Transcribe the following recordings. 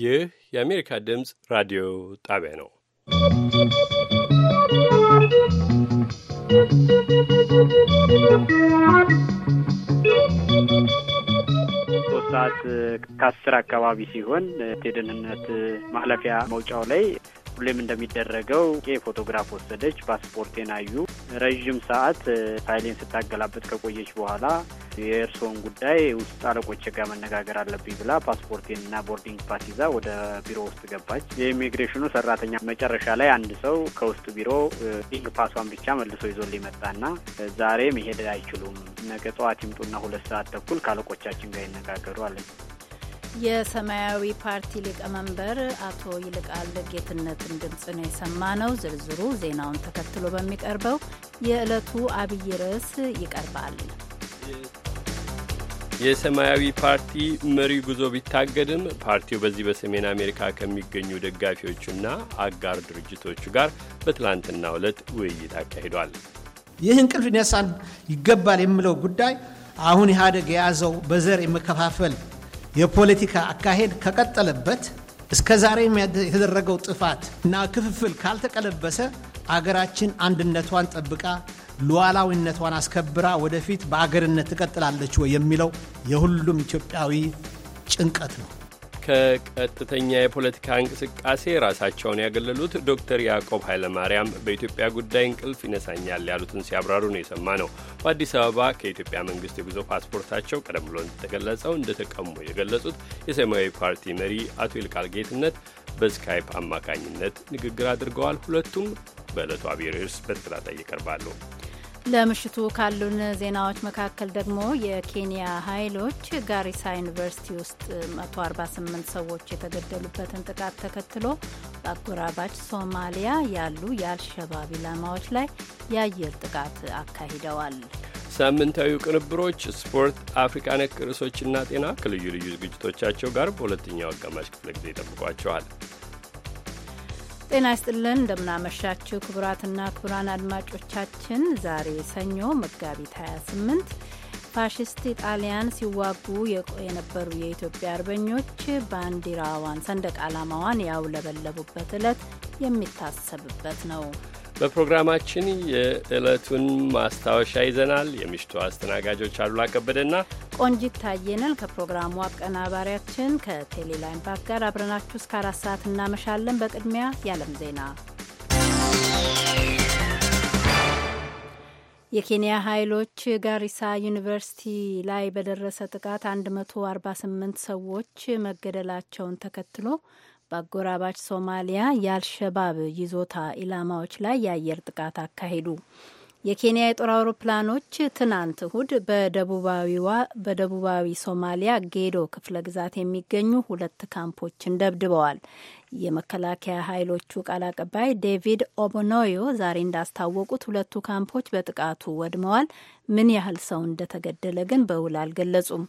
ይህ የአሜሪካ ድምፅ ራዲዮ ጣቢያ ነው። ሶስት ሰዓት ከአስር አካባቢ ሲሆን የደህንነት ማለፊያ መውጫው ላይ ሁሌም እንደሚደረገው ፎቶግራፍ ወሰደች፣ ፓስፖርት የናዩ ረዥም ሰዓት ፋይሌን ስታገላበት ከቆየች በኋላ የእርስዎን ጉዳይ ውስጥ አለቆች ጋር መነጋገር አለብኝ ብላ ፓስፖርቴን እና ቦርዲንግ ፓስ ይዛ ወደ ቢሮ ውስጥ ገባች። የኢሚግሬሽኑ ሰራተኛ መጨረሻ ላይ አንድ ሰው ከውስጥ ቢሮ ቦርዲንግ ፓሷን ብቻ መልሶ ይዞ ሊመጣና ዛሬ መሄድ አይችሉም፣ ነገ ጠዋት ይምጡና ሁለት ሰዓት ተኩል ከአለቆቻችን ጋር ይነጋገሩ አለኝ። የሰማያዊ ፓርቲ ሊቀመንበር አቶ ይልቃል ጌትነትን ድምፅ ነው ነው። ዝርዝሩ ዜናውን ተከትሎ በሚቀርበው የዕለቱ አብይ ርዕስ ይቀርባል። የሰማያዊ ፓርቲ መሪ ጉዞ ቢታገድም ፓርቲው በዚህ በሰሜን አሜሪካ ከሚገኙ ደጋፊዎቹና አጋር ድርጅቶቹ ጋር በትላንትና ዕለት ውይይት አካሂዷል። ይህ እንቅልፍ ሊነሳን ይገባል የምለው ጉዳይ አሁን ኢህአደግ የያዘው በዘር የመከፋፈል የፖለቲካ አካሄድ ከቀጠለበት እስከ ዛሬም የተደረገው ጥፋት እና ክፍፍል ካልተቀለበሰ አገራችን አንድነቷን ጠብቃ ሉዓላዊነቷን አስከብራ ወደፊት በአገርነት ትቀጥላለች ወይ የሚለው የሁሉም ኢትዮጵያዊ ጭንቀት ነው። ከቀጥተኛ የፖለቲካ እንቅስቃሴ ራሳቸውን ያገለሉት ዶክተር ያዕቆብ ኃይለማርያም በኢትዮጵያ ጉዳይ እንቅልፍ ይነሳኛል ያሉትን ሲያብራሩ ነው የሰማ ነው። በአዲስ አበባ ከኢትዮጵያ መንግስት የጉዞ ፓስፖርታቸው ቀደም ብሎ እንደተገለጸው እንደተቀሙ የገለጹት የሰማያዊ ፓርቲ መሪ አቶ ይልቃል ጌትነት በስካይፕ አማካኝነት ንግግር አድርገዋል። ሁለቱም በዕለቱ አብይ ርዕስ በተከታታይ ይቀርባሉ። ለምሽቱ ካሉን ዜናዎች መካከል ደግሞ የኬንያ ኃይሎች ጋሪሳ ዩኒቨርሲቲ ውስጥ 148 ሰዎች የተገደሉበትን ጥቃት ተከትሎ በአጎራባች ሶማሊያ ያሉ የአልሸባብ ኢላማዎች ላይ የአየር ጥቃት አካሂደዋል። ሳምንታዊ ቅንብሮች፣ ስፖርት፣ አፍሪካ ነክ ርዕሶችና ጤና ከልዩ ልዩ ዝግጅቶቻቸው ጋር በሁለተኛው አጋማሽ ክፍለ ጊዜ ይጠብቋቸዋል። ጤና ይስጥልን እንደምናመሻችው ክቡራትና ክቡራን አድማጮቻችን ዛሬ ሰኞ መጋቢት 28 ፋሽስት ጣሊያን ሲዋጉ የነበሩ የኢትዮጵያ አርበኞች ባንዲራዋን ሰንደቅ ዓላማዋን ያውለበለቡበት ዕለት የሚታሰብበት ነው። በፕሮግራማችን የዕለቱን ማስታወሻ ይዘናል። የምሽቱ አስተናጋጆች አሉላ ከበደና ቆንጂት ታየንን ከፕሮግራሙ አቀናባሪያችን ከቴሌላይን ባክ ጋር አብረናችሁ እስከ አራት ሰዓት እናመሻለን። በቅድሚያ የዓለም ዜና። የኬንያ ኃይሎች ጋሪሳ ዩኒቨርሲቲ ላይ በደረሰ ጥቃት 148 ሰዎች መገደላቸውን ተከትሎ በአጎራባች ሶማሊያ የአልሸባብ ይዞታ ኢላማዎች ላይ የአየር ጥቃት አካሄዱ። የኬንያ የጦር አውሮፕላኖች ትናንት እሁድ በደቡባዊዋ በደቡባዊ ሶማሊያ ጌዶ ክፍለ ግዛት የሚገኙ ሁለት ካምፖችን ደብድበዋል። የመከላከያ ኃይሎቹ ቃል አቀባይ ዴቪድ ኦቦኖዮ ዛሬ እንዳስታወቁት ሁለቱ ካምፖች በጥቃቱ ወድመዋል። ምን ያህል ሰው እንደተገደለ ግን በውል አልገለጹም።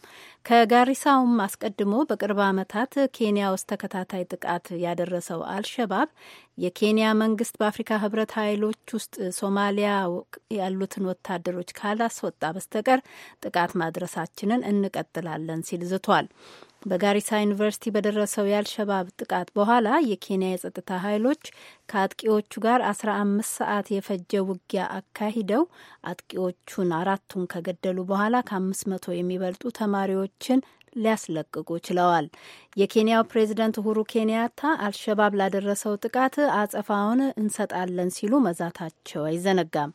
ከጋሪሳውም አስቀድሞ በቅርብ ዓመታት ኬንያ ውስጥ ተከታታይ ጥቃት ያደረሰው አልሸባብ የኬንያ መንግስት በአፍሪካ ህብረት ኃይሎች ውስጥ ሶማሊያ ያሉትን ወታደሮች ካላስወጣ በስተቀር ጥቃት ማድረሳችንን እንቀጥላለን ሲል ዝቷል። በጋሪሳ ዩኒቨርሲቲ በደረሰው የአልሸባብ ጥቃት በኋላ የኬንያ የጸጥታ ኃይሎች ከአጥቂዎቹ ጋር አምስት ሰዓት የፈጀ ውጊያ አካሂደው አጥቂዎቹን አራቱን ከገደሉ በኋላ ከ መቶ የሚበልጡ ተማሪዎችን ሊያስለቅቁ ችለዋል። የኬንያው ፕሬዚደንት ሁሩ ኬንያታ አልሸባብ ላደረሰው ጥቃት አጸፋውን እንሰጣለን ሲሉ መዛታቸው አይዘነጋም።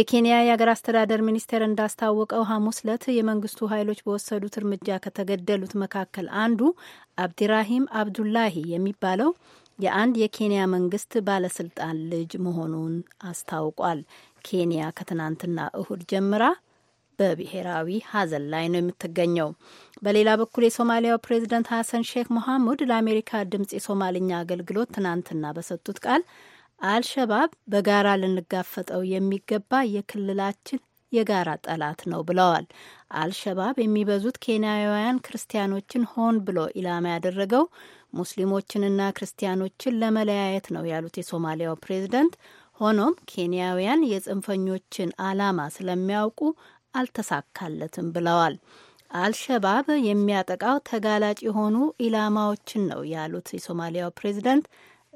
የኬንያ የአገር አስተዳደር ሚኒስቴር እንዳስታወቀው ሐሙስ ዕለት የመንግስቱ ኃይሎች በወሰዱት እርምጃ ከተገደሉት መካከል አንዱ አብዲራሂም አብዱላሂ የሚባለው የአንድ የኬንያ መንግስት ባለስልጣን ልጅ መሆኑን አስታውቋል። ኬንያ ከትናንትና እሁድ ጀምራ በብሔራዊ ሐዘን ላይ ነው የምትገኘው። በሌላ በኩል የሶማሊያው ፕሬዚደንት ሐሰን ሼክ ሞሐሙድ ለአሜሪካ ድምፅ የሶማልኛ አገልግሎት ትናንትና በሰጡት ቃል አልሸባብ በጋራ ልንጋፈጠው የሚገባ የክልላችን የጋራ ጠላት ነው ብለዋል። አልሸባብ የሚበዙት ኬንያውያን ክርስቲያኖችን ሆን ብሎ ኢላማ ያደረገው ሙስሊሞችንና ክርስቲያኖችን ለመለያየት ነው ያሉት የሶማሊያው ፕሬዝደንት፣ ሆኖም ኬንያውያን የጽንፈኞችን አላማ ስለሚያውቁ አልተሳካለትም ብለዋል። አልሸባብ የሚያጠቃው ተጋላጭ የሆኑ ኢላማዎችን ነው ያሉት የሶማሊያው ፕሬዝደንት፣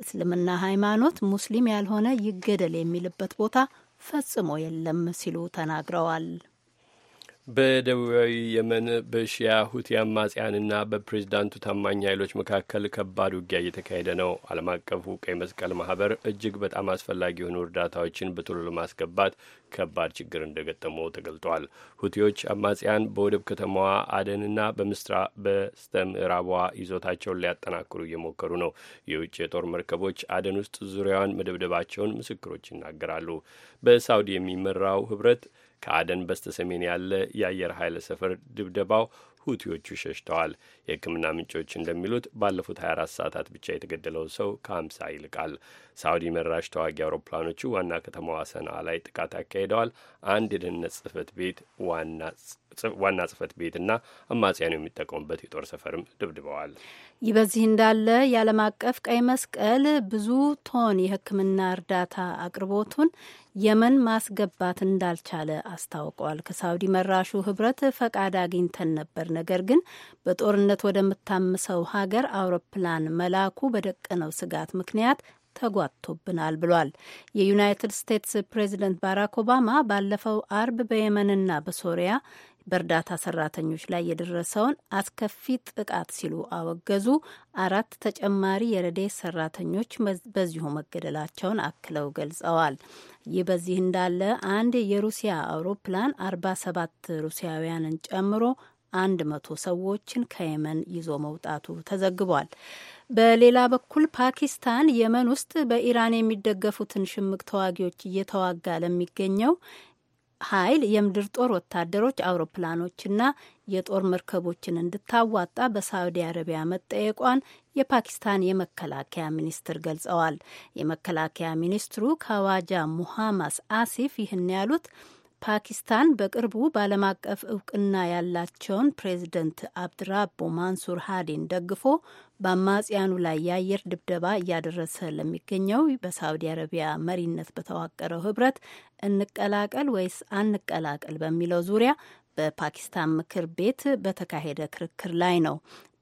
እስልምና ሃይማኖት ሙስሊም ያልሆነ ይገደል የሚልበት ቦታ ፈጽሞ የለም ሲሉ ተናግረዋል። በደቡባዊ የመን በሺያ ሁቲ አማጽያንና በፕሬዝዳንቱ ታማኝ ኃይሎች መካከል ከባድ ውጊያ እየተካሄደ ነው። ዓለም አቀፉ ቀይ መስቀል ማህበር እጅግ በጣም አስፈላጊ የሆኑ እርዳታዎችን በቶሎ ለማስገባት ከባድ ችግር እንደገጠመው ተገልጧል። ሁቲዎች አማጽያን በወደብ ከተማዋ አደንና በስተ ምዕራቧ ይዞታቸውን ሊያጠናክሩ እየሞከሩ ነው። የውጭ የጦር መርከቦች አደን ውስጥ ዙሪያዋን መደብደባቸውን ምስክሮች ይናገራሉ። በሳውዲ የሚመራው ህብረት ከአደን በስተ ሰሜን ያለ የአየር ኃይል ሰፈር ድብደባው ሁቲዎቹ ሸሽተዋል። የሕክምና ምንጮች እንደሚሉት ባለፉት 24 ሰዓታት ብቻ የተገደለው ሰው ከ50 ይልቃል። ሳዑዲ መራሽ ተዋጊ አውሮፕላኖቹ ዋና ከተማዋ ሰንዓ ላይ ጥቃት አካሂደዋል። አንድ የደህንነት ጽህፈት ቤት ዋና ዋና ጽህፈት ቤትና አማጽያኑ የሚጠቀሙበት የጦር ሰፈርም ደብድበዋል። ይህ በዚህ እንዳለ የዓለም አቀፍ ቀይ መስቀል ብዙ ቶን የሕክምና እርዳታ አቅርቦቱን የመን ማስገባት እንዳልቻለ አስታውቋል። ከሳውዲ መራሹ ህብረት ፈቃድ አግኝተን ነበር፣ ነገር ግን በጦርነት ወደምታምሰው ሀገር አውሮፕላን መላኩ በደቀነው ስጋት ምክንያት ተጓቶብናል ብሏል። የዩናይትድ ስቴትስ ፕሬዚደንት ባራክ ኦባማ ባለፈው አርብ በየመንና በሶሪያ በእርዳታ ሰራተኞች ላይ የደረሰውን አስከፊ ጥቃት ሲሉ አወገዙ። አራት ተጨማሪ የረድኤት ሰራተኞች በዚሁ መገደላቸውን አክለው ገልጸዋል። ይህ በዚህ እንዳለ አንድ የሩሲያ አውሮፕላን ሰባት ሩሲያውያንን ጨምሮ አንድ መቶ ሰዎችን ከየመን ይዞ መውጣቱ ተዘግቧል። በሌላ በኩል ፓኪስታን የመን ውስጥ በኢራን የሚደገፉትን ሽምቅ ተዋጊዎች እየተዋጋ ለሚገኘው ኃይል የምድር ጦር ወታደሮች አውሮፕላኖችና የጦር መርከቦችን እንድታዋጣ በሳዑዲ አረቢያ መጠየቋን የፓኪስታን የመከላከያ ሚኒስትር ገልጸዋል። የመከላከያ ሚኒስትሩ ካዋጃ ሙሐማስ አሲፍ ይህን ያሉት ፓኪስታን በቅርቡ በዓለም አቀፍ እውቅና ያላቸውን ፕሬዚደንት አብድራቦ ማንሱር ሀዲን ደግፎ በአማጽያኑ ላይ የአየር ድብደባ እያደረሰ ለሚገኘው በሳውዲ አረቢያ መሪነት በተዋቀረው ህብረት እንቀላቀል ወይስ አንቀላቀል በሚለው ዙሪያ በፓኪስታን ምክር ቤት በተካሄደ ክርክር ላይ ነው።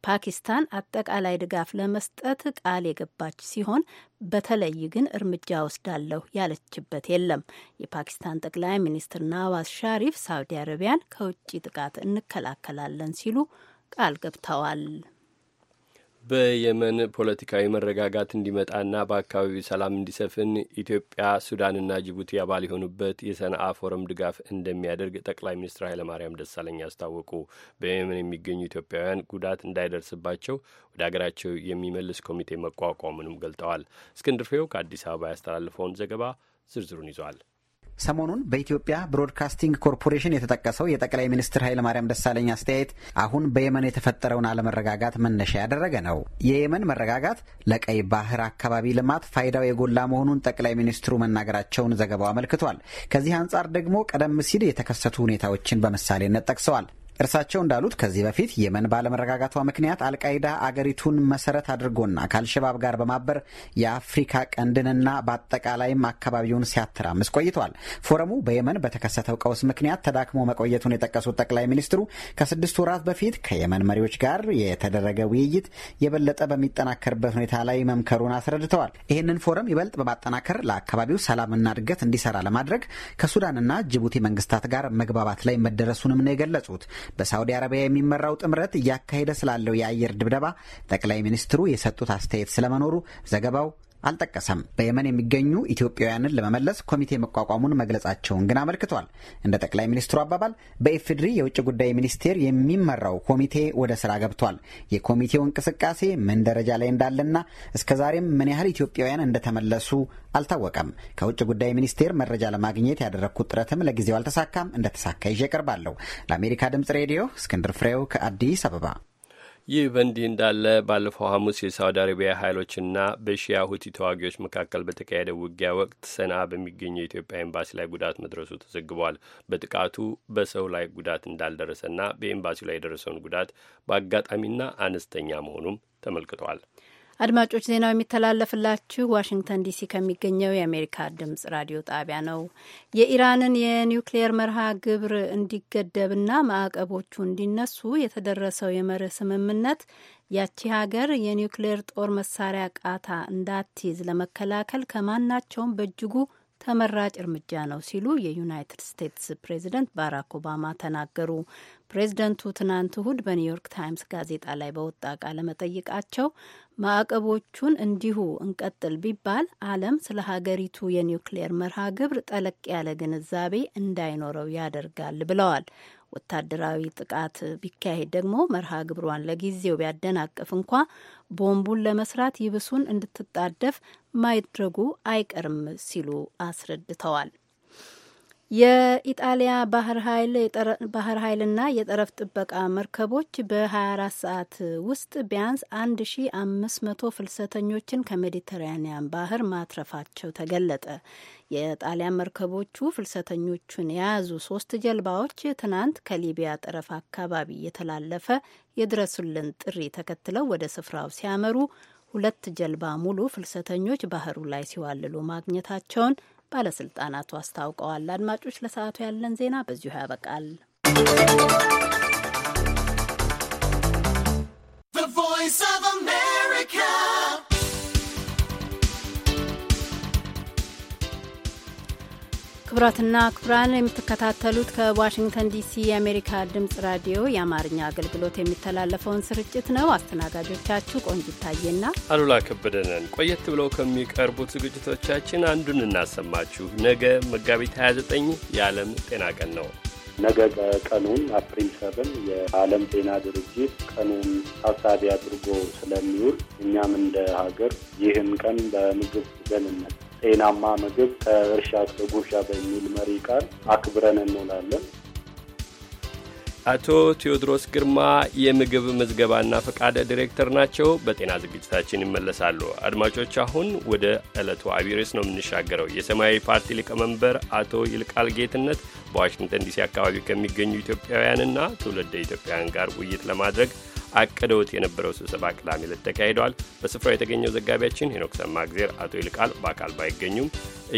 ፓኪስታን አጠቃላይ ድጋፍ ለመስጠት ቃል የገባች ሲሆን በተለይ ግን እርምጃ ወስዳለሁ ያለችበት የለም። የፓኪስታን ጠቅላይ ሚኒስትር ናዋዝ ሻሪፍ ሳውዲ አረቢያን ከውጭ ጥቃት እንከላከላለን ሲሉ ቃል ገብተዋል። በየመን ፖለቲካዊ መረጋጋት እንዲመጣና በአካባቢው ሰላም እንዲሰፍን ኢትዮጵያ፣ ሱዳንና ጅቡቲ አባል የሆኑበት የሰንአ ፎረም ድጋፍ እንደሚያደርግ ጠቅላይ ሚኒስትር ኃይለማርያም ደሳለኝ አስታወቁ። በየመን የሚገኙ ኢትዮጵያውያን ጉዳት እንዳይደርስባቸው ወደ ሀገራቸው የሚመልስ ኮሚቴ መቋቋሙንም ገልጠዋል። እስክንድር ፍሬው ከአዲስ አበባ ያስተላልፈውን ዘገባ ዝርዝሩን ይዟል። ሰሞኑን በኢትዮጵያ ብሮድካስቲንግ ኮርፖሬሽን የተጠቀሰው የጠቅላይ ሚኒስትር ኃይለማርያም ደሳለኝ አስተያየት አሁን በየመን የተፈጠረውን አለመረጋጋት መነሻ ያደረገ ነው። የየመን መረጋጋት ለቀይ ባህር አካባቢ ልማት ፋይዳው የጎላ መሆኑን ጠቅላይ ሚኒስትሩ መናገራቸውን ዘገባው አመልክቷል። ከዚህ አንጻር ደግሞ ቀደም ሲል የተከሰቱ ሁኔታዎችን በምሳሌነት ጠቅሰዋል። እርሳቸው እንዳሉት ከዚህ በፊት የመን ባለመረጋጋቷ ምክንያት አልቃይዳ አገሪቱን መሰረት አድርጎና ከአልሸባብ ጋር በማበር የአፍሪካ ቀንድንና በአጠቃላይም አካባቢውን ሲያተራምስ ቆይቷል። ፎረሙ በየመን በተከሰተው ቀውስ ምክንያት ተዳክሞ መቆየቱን የጠቀሱት ጠቅላይ ሚኒስትሩ ከስድስት ወራት በፊት ከየመን መሪዎች ጋር የተደረገ ውይይት የበለጠ በሚጠናከርበት ሁኔታ ላይ መምከሩን አስረድተዋል። ይህንን ፎረም ይበልጥ በማጠናከር ለአካባቢው ሰላምና እድገት እንዲሰራ ለማድረግ ከሱዳንና ጅቡቲ መንግስታት ጋር መግባባት ላይ መደረሱንም ነው የገለጹት። በሳውዲ አረቢያ የሚመራው ጥምረት እያካሄደ ስላለው የአየር ድብደባ ጠቅላይ ሚኒስትሩ የሰጡት አስተያየት ስለመኖሩ ዘገባው አልጠቀሰም። በየመን የሚገኙ ኢትዮጵያውያንን ለመመለስ ኮሚቴ መቋቋሙን መግለጻቸውን ግን አመልክቷል። እንደ ጠቅላይ ሚኒስትሩ አባባል በኢፌድሪ የውጭ ጉዳይ ሚኒስቴር የሚመራው ኮሚቴ ወደ ስራ ገብቷል። የኮሚቴው እንቅስቃሴ ምን ደረጃ ላይ እንዳለና እስከ ዛሬም ምን ያህል ኢትዮጵያውያን እንደተመለሱ አልታወቀም። ከውጭ ጉዳይ ሚኒስቴር መረጃ ለማግኘት ያደረግኩት ጥረትም ለጊዜው አልተሳካም። እንደተሳካ ይዤ እቀርባለሁ። ለአሜሪካ ድምጽ ሬዲዮ እስክንድር ፍሬው ከአዲስ አበባ ይህ በእንዲህ እንዳለ ባለፈው ሐሙስ የሳውዲ አረቢያ ኃይሎችና በሺያ ሁቲ ተዋጊዎች መካከል በተካሄደ ውጊያ ወቅት ሰና በሚገኘው የኢትዮጵያ ኤምባሲ ላይ ጉዳት መድረሱ ተዘግቧል። በጥቃቱ በሰው ላይ ጉዳት እንዳልደረሰና በኤምባሲው ላይ የደረሰውን ጉዳት በአጋጣሚና አነስተኛ መሆኑም ተመልክቷል። አድማጮች ዜናው የሚተላለፍላችሁ ዋሽንግተን ዲሲ ከሚገኘው የአሜሪካ ድምጽ ራዲዮ ጣቢያ ነው። የኢራንን የኒውክሌየር መርሃ ግብር እንዲገደብና ማዕቀቦቹ እንዲነሱ የተደረሰው የመርህ ስምምነት ያቺ ሀገር የኒውክሌየር ጦር መሳሪያ ቃታ እንዳትይዝ ለመከላከል ከማናቸውም በእጅጉ ተመራጭ እርምጃ ነው ሲሉ የዩናይትድ ስቴትስ ፕሬዚደንት ባራክ ኦባማ ተናገሩ። ፕሬዚደንቱ ትናንት እሁድ በኒውዮርክ ታይምስ ጋዜጣ ላይ በወጣ ቃለ መጠይቃቸው ማዕቀቦቹን እንዲሁ እንቀጥል ቢባል ዓለም ስለ ሀገሪቱ የኒውክሌር መርሃ ግብር ጠለቅ ያለ ግንዛቤ እንዳይኖረው ያደርጋል ብለዋል። ወታደራዊ ጥቃት ቢካሄድ ደግሞ መርሃ ግብሯን ለጊዜው ቢያደናቅፍ እንኳ ቦምቡን ለመስራት ይብሱን እንድትጣደፍ ማድረጉ አይቀርም ሲሉ አስረድተዋል። የኢጣሊያ ባህር ኃይል ኃይልና የጠረፍ ጥበቃ መርከቦች በ24 ሰዓት ውስጥ ቢያንስ 1500 ፍልሰተኞችን ከሜዲተራኒያን ባህር ማትረፋቸው ተገለጠ። የጣሊያን መርከቦቹ ፍልሰተኞቹን የያዙ ሶስት ጀልባዎች ትናንት ከሊቢያ ጠረፍ አካባቢ የተላለፈ የድረሱልን ጥሪ ተከትለው ወደ ስፍራው ሲያመሩ ሁለት ጀልባ ሙሉ ፍልሰተኞች ባህሩ ላይ ሲዋልሉ ማግኘታቸውን ባለስልጣናቱ አስታውቀዋል። አድማጮች፣ ለሰዓቱ ያለን ዜና በዚሁ ያበቃል። ክቡራትና ክቡራን የምትከታተሉት ከዋሽንግተን ዲሲ የአሜሪካ ድምፅ ራዲዮ የአማርኛ አገልግሎት የሚተላለፈውን ስርጭት ነው። አስተናጋጆቻችሁ ቆንጅ ታዬና አሉላ ከበደ ነን። ቆየት ብለው ከሚቀርቡት ዝግጅቶቻችን አንዱን እናሰማችሁ። ነገ መጋቢት 29 የዓለም ጤና ቀን ነው። ነገ ቀኑን አፕሪል ሰብን የዓለም ጤና ድርጅት ቀኑን ታሳቢ አድርጎ ስለሚውል እኛም እንደ ሀገር ይህን ቀን በምግብ ደህንነት ጤናማ ምግብ ከእርሻ እስከ ጉርሻ በሚል መሪ ቃል አክብረን እንውላለን። አቶ ቴዎድሮስ ግርማ የምግብ ምዝገባና ፈቃድ ዲሬክተር ናቸው። በጤና ዝግጅታችን ይመለሳሉ። አድማጮች፣ አሁን ወደ ዕለቱ አቢሬስ ነው የምንሻገረው። የሰማያዊ ፓርቲ ሊቀመንበር አቶ ይልቃል ጌትነት በዋሽንግተን ዲሲ አካባቢ ከሚገኙ ኢትዮጵያውያንና ትውልደ ኢትዮጵያውያን ጋር ውይይት ለማድረግ አቅደውት የነበረው ስብሰባ ቅዳሜ ዕለት ተካሂደዋል። በስፍራው የተገኘው ዘጋቢያችን ሄኖክ ሰማእግዜር አቶ ይልቃል በአካል ባይገኙም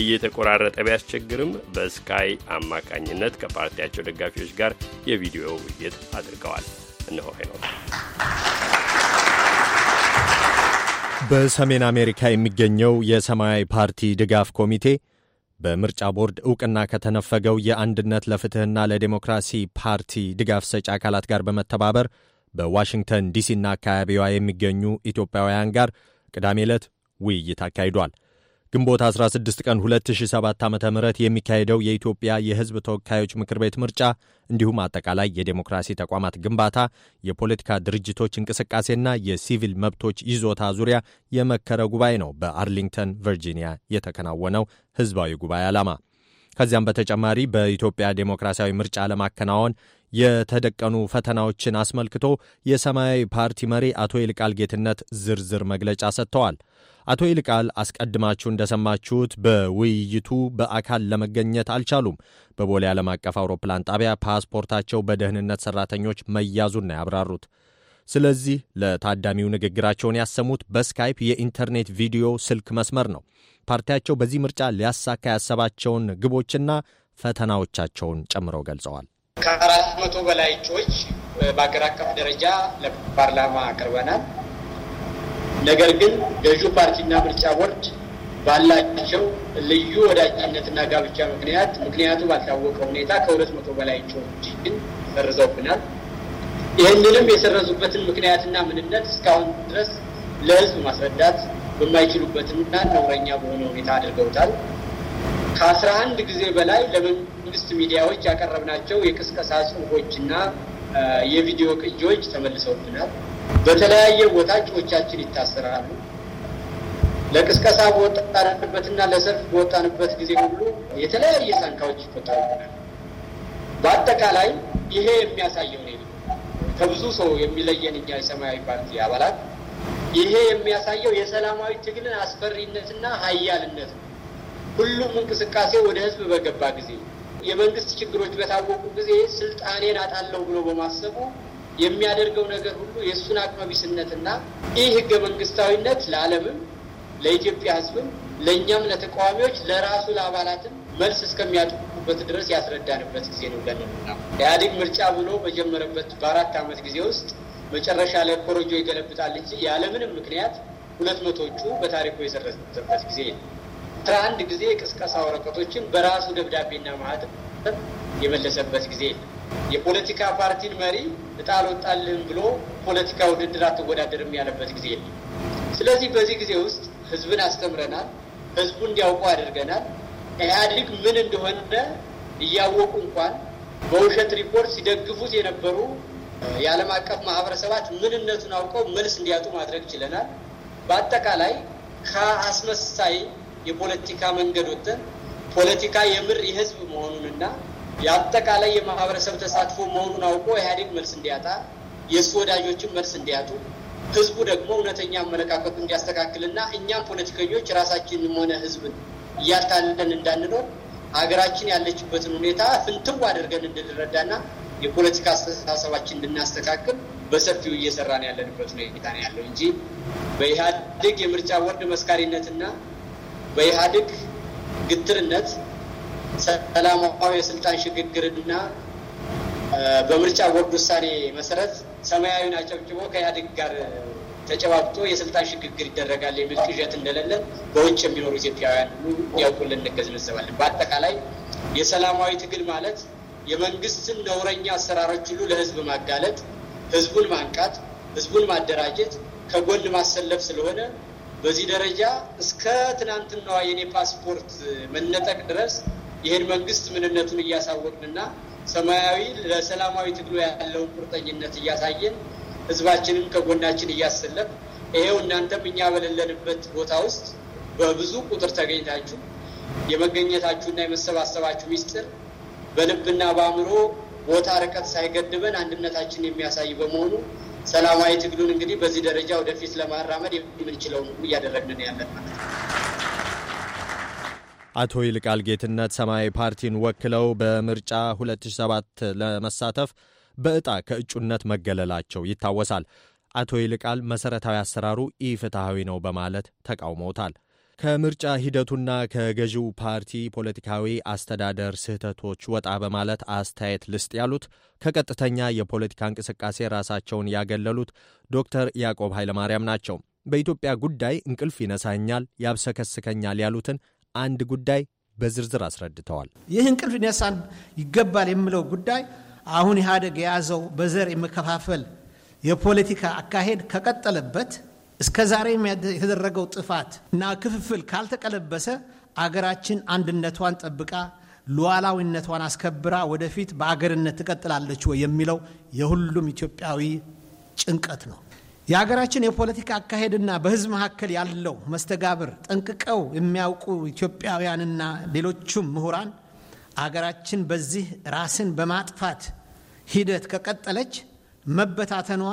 እየተቆራረጠ ቢያስቸግርም በስካይ አማካኝነት ከፓርቲያቸው ደጋፊዎች ጋር የቪዲዮ ውይይት አድርገዋል። እነሆ ሄኖክ። በሰሜን አሜሪካ የሚገኘው የሰማያዊ ፓርቲ ድጋፍ ኮሚቴ በምርጫ ቦርድ ዕውቅና ከተነፈገው የአንድነት ለፍትሕና ለዴሞክራሲ ፓርቲ ድጋፍ ሰጪ አካላት ጋር በመተባበር በዋሽንግተን ዲሲና አካባቢዋ የሚገኙ ኢትዮጵያውያን ጋር ቅዳሜ ዕለት ውይይት አካሂዷል። ግንቦት 16 ቀን 2007 ዓ ም የሚካሄደው የኢትዮጵያ የሕዝብ ተወካዮች ምክር ቤት ምርጫ እንዲሁም አጠቃላይ የዴሞክራሲ ተቋማት ግንባታ፣ የፖለቲካ ድርጅቶች እንቅስቃሴና የሲቪል መብቶች ይዞታ ዙሪያ የመከረ ጉባኤ ነው በአርሊንግተን ቨርጂኒያ የተከናወነው ሕዝባዊ ጉባኤ ዓላማ ከዚያም በተጨማሪ በኢትዮጵያ ዴሞክራሲያዊ ምርጫ ለማከናወን የተደቀኑ ፈተናዎችን አስመልክቶ የሰማያዊ ፓርቲ መሪ አቶ ይልቃል ጌትነት ዝርዝር መግለጫ ሰጥተዋል። አቶ ይልቃል አስቀድማችሁ እንደሰማችሁት በውይይቱ በአካል ለመገኘት አልቻሉም። በቦሌ ዓለም አቀፍ አውሮፕላን ጣቢያ ፓስፖርታቸው በደህንነት ሠራተኞች መያዙን ነው ያብራሩት። ስለዚህ ለታዳሚው ንግግራቸውን ያሰሙት በስካይፕ የኢንተርኔት ቪዲዮ ስልክ መስመር ነው። ፓርቲያቸው በዚህ ምርጫ ሊያሳካ ያሰባቸውን ግቦችና ፈተናዎቻቸውን ጨምረው ገልጸዋል። ከአራት መቶ በላይ እጩዎች በአገር አቀፍ ደረጃ ለፓርላማ አቅርበናል። ነገር ግን ገዢው ፓርቲና ምርጫ ቦርድ ባላቸው ልዩ ወዳጅነትና ጋብቻ ምክንያት ምክንያቱ ባልታወቀ ሁኔታ ከሁለት መቶ በላይ ግን ሰርዘውብናል። ይህንንም የሰረዙበትን ምክንያትና ምንነት እስካሁን ድረስ ለሕዝብ ማስረዳት በማይችሉበትና ነውረኛ በሆነ ሁኔታ አድርገውታል። ከአስራ አንድ ጊዜ በላይ ለመንግስት ሚዲያዎች ያቀረብናቸው የቅስቀሳ ጽሁፎችና የቪዲዮ ቅጂዎች ተመልሰውብናል። በተለያየ ቦታ እጩዎቻችን ይታሰራሉ። ለቅስቀሳ በወጣንበትና ለሰልፍ በወጣንበት ጊዜ ሁሉ የተለያየ ሳንካዎች ይፈጠሩብናል። በአጠቃላይ ይሄ የሚያሳየው ነው። ከብዙ ሰው የሚለየን እኛ የሰማያዊ ፓርቲ አባላት ይሄ የሚያሳየው የሰላማዊ ትግልን አስፈሪነትና ሀያልነት ነው። ሁሉም እንቅስቃሴ ወደ ህዝብ በገባ ጊዜ፣ የመንግስት ችግሮች በታወቁ ጊዜ ስልጣኔን አጣለው ብሎ በማሰቡ የሚያደርገው ነገር ሁሉ የእሱን አቅመቢስነትና ይህ ህገ መንግስታዊነት ለዓለምም ለኢትዮጵያ ህዝብም ለእኛም ለተቃዋሚዎች ለራሱ ለአባላትም መልስ እስከሚያጥቁበት ድረስ ያስረዳንበት ጊዜ ነው ብለን ኢህአዴግ ምርጫ ብሎ በጀመረበት በአራት ዓመት ጊዜ ውስጥ መጨረሻ ላይ ኮረጆ ይገለብጣል እንጂ ያለምንም ምክንያት ሁለት መቶቹ በታሪኩ የሰረዘበት ጊዜ አስራ አንድ ጊዜ የቅስቀሳ ወረቀቶችን በራሱ ደብዳቤና ማህተም የመለሰበት ጊዜ የፖለቲካ ፓርቲን መሪ እጣ አልወጣልህም ብሎ ፖለቲካ ውድድር አትወዳደርም ያለበት ጊዜ የለም። ስለዚህ በዚህ ጊዜ ውስጥ ህዝብን አስተምረናል። ህዝቡ እንዲያውቁ አድርገናል። ኢህአዲግ ምን እንደሆነ እያወቁ እንኳን በውሸት ሪፖርት ሲደግፉት የነበሩ የዓለም አቀፍ ማህበረሰባት ምንነቱን አውቀው መልስ እንዲያጡ ማድረግ ችለናል። በአጠቃላይ ከአስመሳይ የፖለቲካ መንገድ ወጥተን ፖለቲካ የምር የህዝብ መሆኑንና የአጠቃላይ የማህበረሰብ ተሳትፎ መሆኑን አውቆ ኢህአዴግ መልስ እንዲያጣ፣ የእሱ ወዳጆችን መልስ እንዲያጡ፣ ህዝቡ ደግሞ እውነተኛ አመለካከቱ እንዲያስተካክልና እኛም ፖለቲከኞች ራሳችንም ሆነ ህዝብን እያታለን እንዳንኖር ሀገራችን ያለችበትን ሁኔታ ፍንትው አድርገን እንድንረዳና የፖለቲካ አስተሳሰባችን እንድናስተካክል በሰፊው ነው ያለንበት ሁኔታ ነው ያለው እንጂ በኢህአዴግ የምርጫ ቦርድ መስካሪነትና በኢህአዴግ ግትርነት ሰላማዊ የስልጣን ሽግግርና በምርጫ ቦርድ ውሳኔ መሰረት ሰማያዊን አጨብጭቦ ከኢህአዴግ ጋር ተጨባብጦ የስልጣን ሽግግር ይደረጋል የሚል ቅዠት እንደሌለ በውጭ የሚኖሩ ኢትዮጵያውያን ያውቁልን እንገነዘባለን። በአጠቃላይ የሰላማዊ ትግል ማለት የመንግስትን ነውረኛ አሰራሮች ሁሉ ለህዝብ ማጋለጥ፣ ህዝቡን ማንቃት፣ ህዝቡን ማደራጀት፣ ከጎን ማሰለፍ ስለሆነ በዚህ ደረጃ እስከ ትናንትናዋ የኔ ፓስፖርት መነጠቅ ድረስ ይህን መንግስት ምንነቱን እያሳወቅንና ሰማያዊ ለሰላማዊ ትግሎ ያለውን ቁርጠኝነት እያሳየን ህዝባችንን ከጎናችን እያሰለፍ ይሄው እናንተም እኛ በሌለንበት ቦታ ውስጥ በብዙ ቁጥር ተገኝታችሁ የመገኘታችሁና የመሰባሰባችሁ ሚስጥር በልብና በአእምሮ ቦታ ርቀት ሳይገድበን አንድነታችን የሚያሳይ በመሆኑ ሰላማዊ ትግሉን እንግዲህ በዚህ ደረጃ ወደፊት ለማራመድ የምንችለውን ሁሉ እያደረግን ያለን ማለት ነው። አቶ ይልቃል ጌትነት ሰማያዊ ፓርቲን ወክለው በምርጫ 2007 ለመሳተፍ በእጣ ከእጩነት መገለላቸው ይታወሳል። አቶ ይልቃል መሠረታዊ አሰራሩ ኢፍትሐዊ ነው በማለት ተቃውመውታል። ከምርጫ ሂደቱና ከገዢው ፓርቲ ፖለቲካዊ አስተዳደር ስህተቶች ወጣ በማለት አስተያየት ልስጥ ያሉት ከቀጥተኛ የፖለቲካ እንቅስቃሴ ራሳቸውን ያገለሉት ዶክተር ያዕቆብ ኃይለማርያም ናቸው። በኢትዮጵያ ጉዳይ እንቅልፍ ይነሳኛል፣ ያብሰከስከኛል ያሉትን አንድ ጉዳይ በዝርዝር አስረድተዋል። ይህ እንቅልፍ ይነሳን ይገባል የምለው ጉዳይ አሁን ኢህአደግ የያዘው በዘር የመከፋፈል የፖለቲካ አካሄድ ከቀጠለበት እስከ ዛሬም የተደረገው ጥፋት እና ክፍፍል ካልተቀለበሰ አገራችን አንድነቷን ጠብቃ ሉዓላዊነቷን አስከብራ ወደፊት በአገርነት ትቀጥላለች ወይ የሚለው የሁሉም ኢትዮጵያዊ ጭንቀት ነው። የሀገራችን የፖለቲካ አካሄድና በሕዝብ መካከል ያለው መስተጋብር ጠንቅቀው የሚያውቁ ኢትዮጵያውያንና ሌሎቹም ምሁራን አገራችን በዚህ ራስን በማጥፋት ሂደት ከቀጠለች መበታተኗ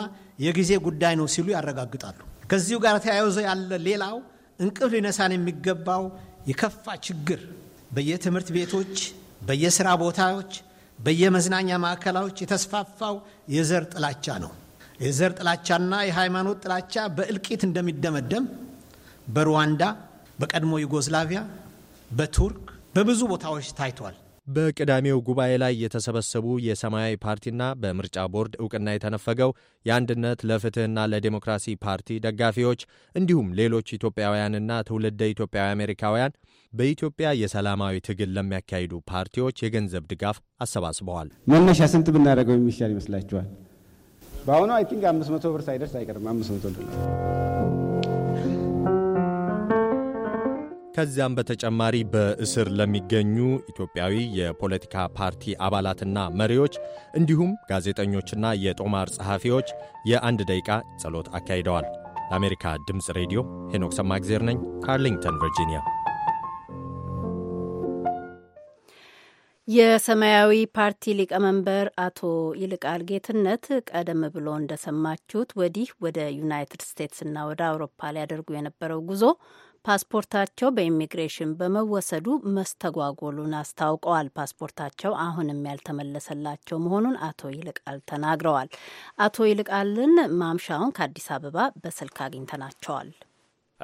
የጊዜ ጉዳይ ነው ሲሉ ያረጋግጣሉ። ከዚሁ ጋር ተያይዞ ያለ ሌላው እንቅልፍ ሊነሳን የሚገባው የከፋ ችግር በየትምህርት ቤቶች፣ በየስራ ቦታዎች፣ በየመዝናኛ ማዕከላዎች የተስፋፋው የዘር ጥላቻ ነው። የዘር ጥላቻና የሃይማኖት ጥላቻ በእልቂት እንደሚደመደም በሩዋንዳ፣ በቀድሞ ዩጎዝላቪያ፣ በቱርክ በብዙ ቦታዎች ታይቷል። በቅዳሜው ጉባኤ ላይ የተሰበሰቡ የሰማያዊ ፓርቲና በምርጫ ቦርድ እውቅና የተነፈገው የአንድነት ለፍትህና ለዴሞክራሲ ፓርቲ ደጋፊዎች እንዲሁም ሌሎች ኢትዮጵያውያንና ትውልደ ኢትዮጵያዊ አሜሪካውያን በኢትዮጵያ የሰላማዊ ትግል ለሚያካሂዱ ፓርቲዎች የገንዘብ ድጋፍ አሰባስበዋል። መነሻ ስንት ብናደርገው የሚሻል ይመስላችኋል? በአሁኑ አይ ቲንክ አምስት መቶ ብር ሳይደርስ አይቀርም። አምስት መቶ ከዚያም በተጨማሪ በእስር ለሚገኙ ኢትዮጵያዊ የፖለቲካ ፓርቲ አባላትና መሪዎች እንዲሁም ጋዜጠኞችና የጦማር ጸሐፊዎች የአንድ ደቂቃ ጸሎት አካሂደዋል። ለአሜሪካ ድምፅ ሬዲዮ ሄኖክ ሰማግዜር ነኝ ከአርሊንግተን ቨርጂኒያ። የሰማያዊ ፓርቲ ሊቀመንበር አቶ ይልቃል ጌትነት ቀደም ብሎ እንደሰማችሁት ወዲህ ወደ ዩናይትድ ስቴትስና ወደ አውሮፓ ሊያደርጉ የነበረው ጉዞ ፓስፖርታቸው በኢሚግሬሽን በመወሰዱ መስተጓጎሉን አስታውቀዋል። ፓስፖርታቸው አሁንም ያልተመለሰላቸው መሆኑን አቶ ይልቃል ተናግረዋል። አቶ ይልቃልን ማምሻውን ከአዲስ አበባ በስልክ አግኝተናቸዋል።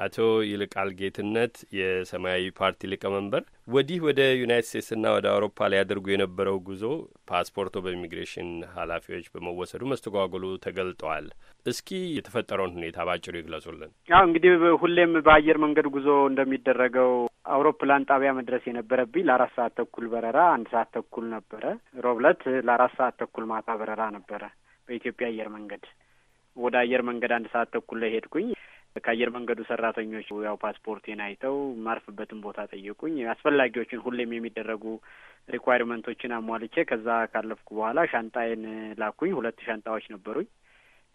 አቶ ይልቃል ጌትነት የሰማያዊ ፓርቲ ሊቀመንበር፣ ወዲህ ወደ ዩናይት ስቴትስና ወደ አውሮፓ ሊያደርጉ የነበረው ጉዞ ፓስፖርቶ በኢሚግሬሽን ኃላፊዎች በመወሰዱ መስተጓጎሉ ተገልጠዋል። እስኪ የተፈጠረውን ሁኔታ በአጭሩ ይግለጹልን። አሁ እንግዲህ ሁሌም በአየር መንገድ ጉዞ እንደሚደረገው አውሮፕላን ጣቢያ መድረስ የነበረብኝ ለአራት ሰዓት ተኩል በረራ አንድ ሰዓት ተኩል ነበረ። ሮብለት ለአራት ሰዓት ተኩል ማታ በረራ ነበረ በኢትዮጵያ አየር መንገድ። ወደ አየር መንገድ አንድ ሰዓት ተኩል ላይ ሄድኩኝ። ከአየር መንገዱ ሰራተኞች ያው ፓስፖርቴን አይተው ማርፍበትን ቦታ ጠየቁኝ። አስፈላጊዎችን ሁሌም የሚደረጉ ሪኳይርመንቶችን አሟልቼ ከዛ ካለፍኩ በኋላ ሻንጣዬን ላኩኝ። ሁለት ሻንጣዎች ነበሩኝ።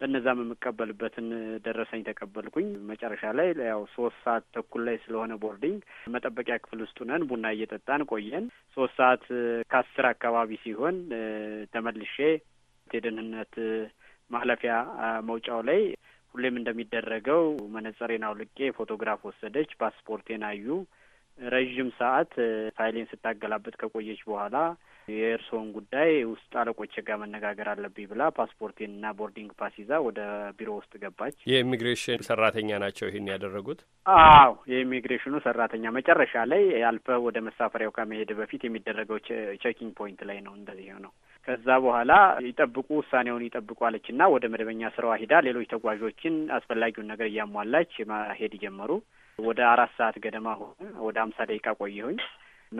ለእነዛም የምቀበልበትን ደረሰኝ ተቀበልኩኝ። መጨረሻ ላይ ያው ሶስት ሰዓት ተኩል ላይ ስለሆነ ቦርዲንግ መጠበቂያ ክፍል ውስጡ ነን፣ ቡና እየጠጣን ቆየን። ሶስት ሰዓት ከአስር አካባቢ ሲሆን ተመልሼ የደህንነት ማለፊያ መውጫው ላይ ሁሌም እንደሚደረገው መነጽሬን አውልቄ ፎቶግራፍ ወሰደች። ፓስፖርቴን አዩ። ረዥም ሰዓት ፋይሌን ስታገላበት ከቆየች በኋላ የእርስዎን ጉዳይ ውስጥ አለቆች ጋር መነጋገር አለብኝ ብላ ፓስፖርቴንና ቦርዲንግ ፓስ ይዛ ወደ ቢሮ ውስጥ ገባች። የኢሚግሬሽን ሰራተኛ ናቸው ይህን ያደረጉት? አዎ የኢሚግሬሽኑ ሰራተኛ መጨረሻ ላይ አልፈ ወደ መሳፈሪያው ከመሄድ በፊት የሚደረገው ቼኪንግ ፖይንት ላይ ነው እንደዚህ ነው። ከዛ በኋላ ይጠብቁ ውሳኔውን ይጠብቁ አለችና ወደ መደበኛ ስራዋ ሂዳ ሌሎች ተጓዦችን አስፈላጊውን ነገር እያሟላች መሄድ ጀመሩ። ወደ አራት ሰዓት ገደማ ሆነ። ወደ አምሳ ደቂቃ ቆየሁኝ።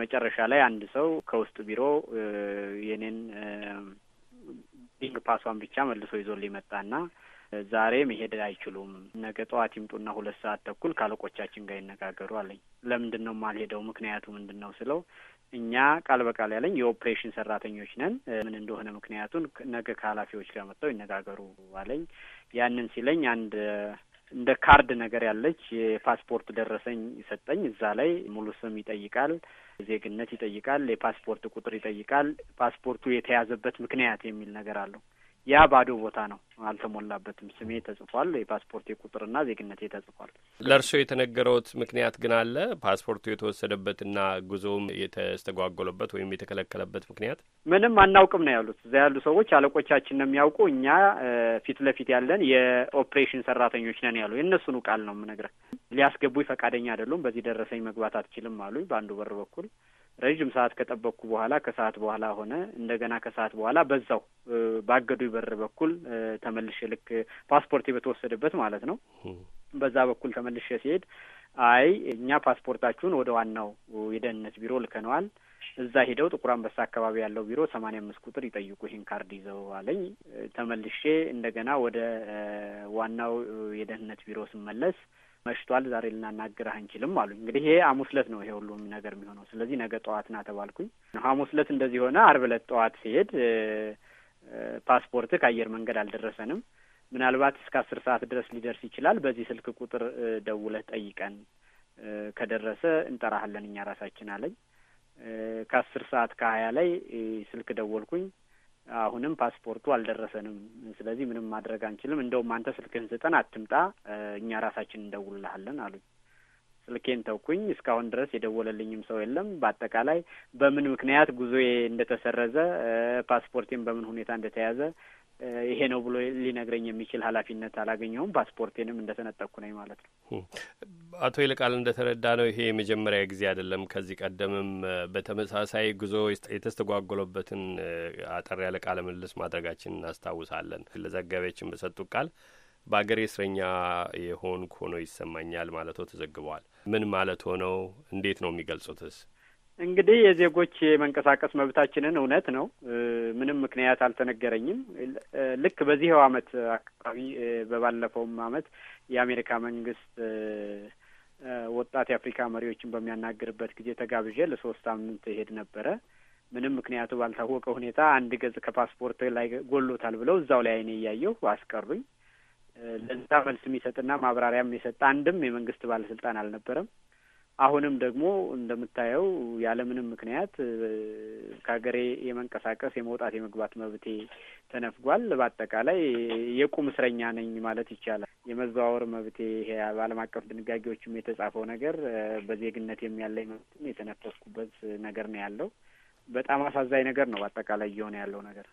መጨረሻ ላይ አንድ ሰው ከውስጥ ቢሮ የኔን ቢንግ ፓሷን ብቻ መልሶ ይዞልኝ መጣና ዛሬ መሄድ አይችሉም፣ ነገ ጠዋት ይምጡና ሁለት ሰዓት ተኩል ካለቆቻችን ጋር ይነጋገሩ አለኝ። ለምንድን ነው የማልሄደው? ምክንያቱ ምንድን ነው ስለው እኛ ቃል በቃል ያለኝ የኦፕሬሽን ሰራተኞች ነን። ምን እንደሆነ ምክንያቱን ነገ ከኃላፊዎች ጋር መጥተው ይነጋገሩ አለኝ። ያንን ሲለኝ አንድ እንደ ካርድ ነገር ያለች የፓስፖርት ደረሰኝ ሰጠኝ። እዛ ላይ ሙሉ ስም ይጠይቃል፣ ዜግነት ይጠይቃል፣ የፓስፖርት ቁጥር ይጠይቃል፣ ፓስፖርቱ የተያዘበት ምክንያት የሚል ነገር አለው። ያ ባዶ ቦታ ነው፣ አልተሞላበትም። ስሜ ተጽፏል፣ የፓስፖርት ቁጥርና ዜግነቴ ተጽፏል። ለእርስዎ የተነገረውት ምክንያት ግን አለ? ፓስፖርቱ የተወሰደበትና ጉዞውም የተስተጓጎለበት ወይም የተከለከለበት ምክንያት ምንም አናውቅም ነው ያሉት። እዛ ያሉ ሰዎች አለቆቻችን ነው የሚያውቁ፣ እኛ ፊት ለፊት ያለን የኦፕሬሽን ሰራተኞች ነን ያሉ፣ የእነሱኑ ቃል ነው የምነግረህ። ሊያስገቡኝ ፈቃደኛ አይደሉም። በዚህ ደረሰኝ መግባት አትችልም አሉኝ በአንዱ በር በኩል ረዥም ሰዓት ከጠበቅኩ በኋላ ከሰዓት በኋላ ሆነ። እንደገና ከሰዓት በኋላ በዛው ባገዱ በር በኩል ተመልሼ ልክ ፓስፖርት በተወሰደበት ማለት ነው። በዛ በኩል ተመልሼ ሲሄድ አይ እኛ ፓስፖርታችሁን ወደ ዋናው የደህንነት ቢሮ ልከነዋል። እዛ ሄደው ጥቁር አንበሳ አካባቢ ያለው ቢሮ ሰማንያ አምስት ቁጥር ይጠይቁ ይህን ካርድ ይዘው አለኝ። ተመልሼ እንደገና ወደ ዋናው የደህንነት ቢሮ ስመለስ መሽቷል፣ ዛሬ ልናናግርህ አንችልም አሉኝ። እንግዲህ ይሄ ሐሙስ ዕለት ነው ይሄ ሁሉም ነገር የሚሆነው። ስለዚህ ነገ ጠዋት ና ተባልኩኝ። ሐሙስ ዕለት እንደዚህ ሆነ። አርብ ዕለት ጠዋት ሲሄድ ፓስፖርት ከአየር መንገድ አልደረሰንም። ምናልባት እስከ አስር ሰዓት ድረስ ሊደርስ ይችላል። በዚህ ስልክ ቁጥር ደውለህ ጠይቀን ከደረሰ እንጠራሃለን እኛ ራሳችን አለኝ። ከአስር ሰዓት ከሀያ ላይ ስልክ ደወልኩኝ። አሁንም ፓስፖርቱ አልደረሰንም፣ ስለዚህ ምንም ማድረግ አንችልም። እንደውም አንተ ስልክህን ስጠን፣ አትምጣ፣ እኛ ራሳችን እንደውልልሃለን አሉ። ስልኬን ተውኩኝ። እስካሁን ድረስ የደወለልኝም ሰው የለም። በአጠቃላይ በምን ምክንያት ጉዞዬ እንደተሰረዘ፣ ፓስፖርቴን በምን ሁኔታ እንደተያዘ ይሄ ነው ብሎ ሊነግረኝ የሚችል ኃላፊነት አላገኘሁም። ፓስፖርቴንም እንደተነጠቅኩ ነኝ ማለት ነው። አቶ ይልቃል እንደተረዳ ነው ይሄ የመጀመሪያ ጊዜ አይደለም። ከዚህ ቀደምም በተመሳሳይ ጉዞ የተስተጓጎለበትን አጠር ያለ ቃለ ምልልስ ማድረጋችን እናስታውሳለን። ለዘጋቢያችን በሰጡት ቃል በአገሬ እስረኛ የሆንኩ ሆኖ ይሰማኛል ማለቶ ተዘግበዋል። ምን ማለት ሆነው እንዴት ነው የሚገልጹትስ? እንግዲህ የዜጎች የመንቀሳቀስ መብታችንን እውነት ነው። ምንም ምክንያት አልተነገረኝም። ልክ በዚህው አመት አካባቢ በባለፈውም አመት የአሜሪካ መንግስት ወጣት የአፍሪካ መሪዎችን በሚያናግርበት ጊዜ ተጋብዤ ለሶስት ሳምንት ሄድ ነበረ። ምንም ምክንያቱ ባልታወቀ ሁኔታ አንድ ገጽ ከፓስፖርት ላይ ጎሎታል ብለው እዛው ላይ አይኔ እያየሁ አስቀሩኝ። ለዛ መልስ የሚሰጥና ማብራሪያ የሚሰጥ አንድም የመንግስት ባለስልጣን አልነበረም። አሁንም ደግሞ እንደምታየው ያለምንም ምክንያት ከሀገሬ የመንቀሳቀስ የመውጣት የመግባት መብቴ ተነፍጓል። በአጠቃላይ የቁም እስረኛ ነኝ ማለት ይቻላል። የመዘዋወር መብቴ ይሄ በዓለም አቀፍ ድንጋጌዎችም የተጻፈው ነገር በዜግነት የሚያለኝ መብትም የተነፈስኩበት ነገር ነው ያለው። በጣም አሳዛኝ ነገር ነው በአጠቃላይ እየሆነ ያለው ነገር።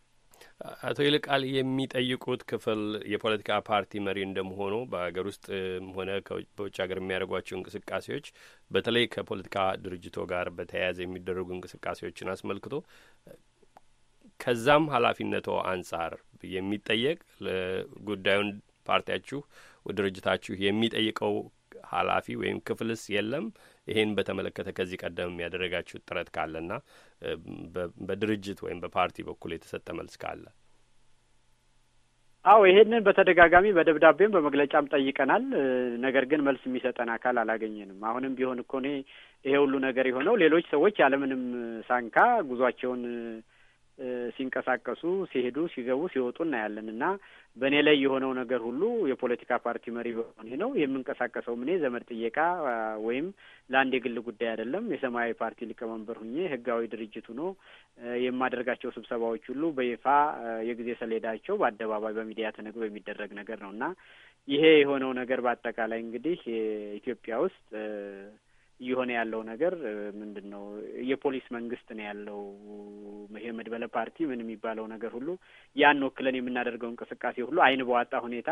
አቶ ይልቃል የሚጠይቁት ክፍል የፖለቲካ ፓርቲ መሪ እንደመሆኑ በሀገር ውስጥም ሆነ በውጭ ሀገር የሚያደርጓቸው እንቅስቃሴዎች በተለይ ከፖለቲካ ድርጅቶ ጋር በተያያዘ የሚደረጉ እንቅስቃሴዎችን አስመልክቶ ከዛም ኃላፊነቶ አንጻር የሚጠየቅ ጉዳዩን ፓርቲያችሁ ድርጅታችሁ የሚጠይቀው ኃላፊ ወይም ክፍልስ የለም? ይሄን በተመለከተ ከዚህ ቀደም ያደረጋችሁ ጥረት ካለና በድርጅት ወይም በፓርቲ በኩል የተሰጠ መልስ ካለ? አዎ ይሄንን በተደጋጋሚ በደብዳቤም በመግለጫም ጠይቀናል። ነገር ግን መልስ የሚሰጠን አካል አላገኘንም። አሁንም ቢሆን እኮ እኔ ይሄ ሁሉ ነገር የሆነው ሌሎች ሰዎች ያለምንም ሳንካ ጉዟቸውን ሲንቀሳቀሱ፣ ሲሄዱ፣ ሲገቡ፣ ሲወጡ እናያለን እና በእኔ ላይ የሆነው ነገር ሁሉ የፖለቲካ ፓርቲ መሪ በሆኔ ነው የምንቀሳቀሰው። ምን ዘመድ ጥየቃ ወይም ለአንድ የግል ጉዳይ አይደለም። የሰማያዊ ፓርቲ ሊቀመንበር ሁኜ ህጋዊ ድርጅት ሁኖ የማደርጋቸው ስብሰባዎች ሁሉ በይፋ የጊዜ ሰሌዳቸው በአደባባይ በሚዲያ ተነግሮ የሚደረግ ነገር ነው እና ይሄ የሆነው ነገር በአጠቃላይ እንግዲህ ኢትዮጵያ ውስጥ እየሆነ ያለው ነገር ምንድን ነው? የፖሊስ መንግስት ነው ያለው። ይሄ መድበለ ፓርቲ ምን የሚባለው ነገር ሁሉ ያን ወክለን የምናደርገው እንቅስቃሴ ሁሉ አይን በዋጣ ሁኔታ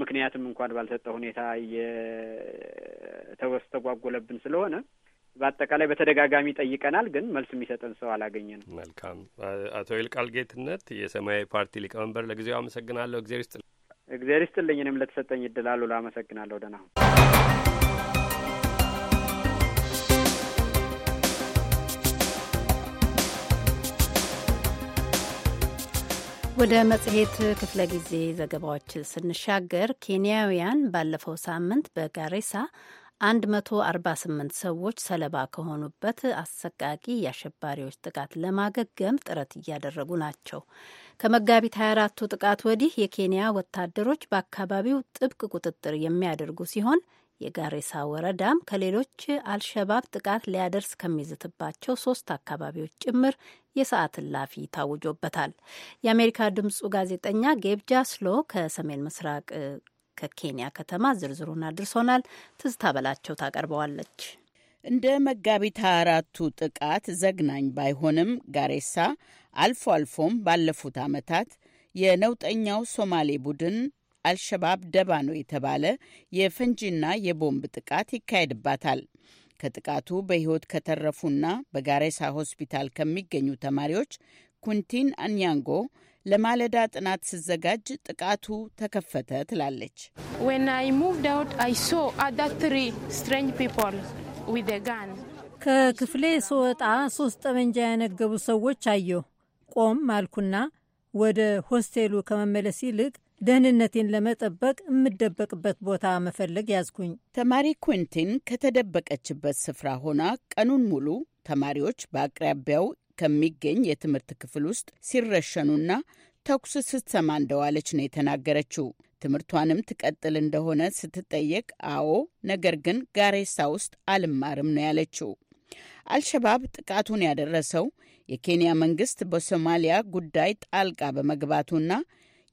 ምክንያትም እንኳን ባልሰጠ ሁኔታ እየተስተጓጎለብን ስለሆነ በአጠቃላይ በተደጋጋሚ ጠይቀናል፣ ግን መልስ የሚሰጠን ሰው አላገኘንም። መልካም። አቶ ይልቃል ጌትነት የሰማያዊ ፓርቲ ሊቀመንበር፣ ለጊዜው አመሰግናለሁ። እግዜር ይስጥ። እግዜር ይስጥልኝ። እኔም ለተሰጠኝ እድል አሉ ላመሰግናለሁ። ደህና ወደ መጽሔት ክፍለ ጊዜ ዘገባዎች ስንሻገር ኬንያውያን ባለፈው ሳምንት በጋሬሳ 148 ሰዎች ሰለባ ከሆኑበት አሰቃቂ የአሸባሪዎች ጥቃት ለማገገም ጥረት እያደረጉ ናቸው። ከመጋቢት 24ቱ ጥቃት ወዲህ የኬንያ ወታደሮች በአካባቢው ጥብቅ ቁጥጥር የሚያደርጉ ሲሆን የጋሬሳ ወረዳም ከሌሎች አልሸባብ ጥቃት ሊያደርስ ከሚዝትባቸው ሶስት አካባቢዎች ጭምር የሰዓት እላፊ ታውጆበታል። የአሜሪካ ድምጹ ጋዜጠኛ ጌብጃ ስሎ ከሰሜን ምስራቅ ከኬንያ ከተማ ዝርዝሩን አድርሶናል። ትዝታ በላቸው ታቀርበዋለች። እንደ መጋቢት አራቱ ጥቃት ዘግናኝ ባይሆንም ጋሬሳ አልፎ አልፎም ባለፉት ዓመታት የነውጠኛው ሶማሌ ቡድን አልሸባብ ደባ ነው የተባለ የፈንጂና የቦምብ ጥቃት ይካሄድባታል። ከጥቃቱ በሕይወት ከተረፉና በጋሬሳ ሆስፒታል ከሚገኙ ተማሪዎች ኩንቲን አንያንጎ ለማለዳ ጥናት ስዘጋጅ ጥቃቱ ተከፈተ ትላለች። ከክፍሌ ስወጣ ሶስት ጠመንጃ ያነገቡ ሰዎች አየሁ። ቆም አልኩና ወደ ሆስቴሉ ከመመለስ ይልቅ ደህንነቴን ለመጠበቅ የምደበቅበት ቦታ መፈለግ ያዝኩኝ። ተማሪ ኩንቲን ከተደበቀችበት ስፍራ ሆና ቀኑን ሙሉ ተማሪዎች በአቅራቢያው ከሚገኝ የትምህርት ክፍል ውስጥ ሲረሸኑና ተኩስ ስትሰማ እንደዋለች ነው የተናገረችው። ትምህርቷንም ትቀጥል እንደሆነ ስትጠየቅ አዎ፣ ነገር ግን ጋሬሳ ውስጥ አልማርም ነው ያለችው። አልሸባብ ጥቃቱን ያደረሰው የኬንያ መንግስት በሶማሊያ ጉዳይ ጣልቃ በመግባቱና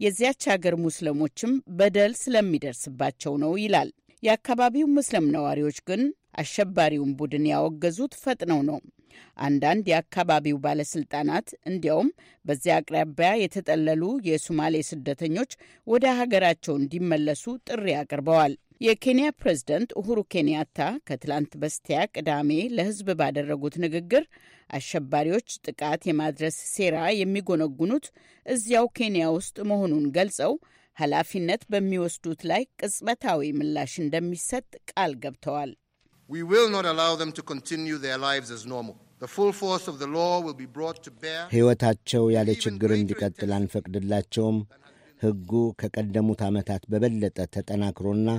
የዚያች ሀገር ሙስሊሞችም በደል ስለሚደርስባቸው ነው ይላል። የአካባቢው ሙስሊም ነዋሪዎች ግን አሸባሪውን ቡድን ያወገዙት ፈጥነው ነው። አንዳንድ የአካባቢው ባለስልጣናት እንዲያውም በዚያ አቅራቢያ የተጠለሉ የሱማሌ ስደተኞች ወደ ሀገራቸው እንዲመለሱ ጥሪ አቅርበዋል። የኬንያ ፕሬዝደንት ኡሁሩ ኬንያታ ከትላንት በስቲያ ቅዳሜ ለሕዝብ ባደረጉት ንግግር አሸባሪዎች ጥቃት የማድረስ ሴራ የሚጎነጉኑት እዚያው ኬንያ ውስጥ መሆኑን ገልጸው ኃላፊነት በሚወስዱት ላይ ቅጽበታዊ ምላሽ እንደሚሰጥ ቃል ገብተዋል። ሕይወታቸው ያለ ችግር እንዲቀጥል አንፈቅድላቸውም። ሕጉ ከቀደሙት ዓመታት በበለጠ ተጠናክሮና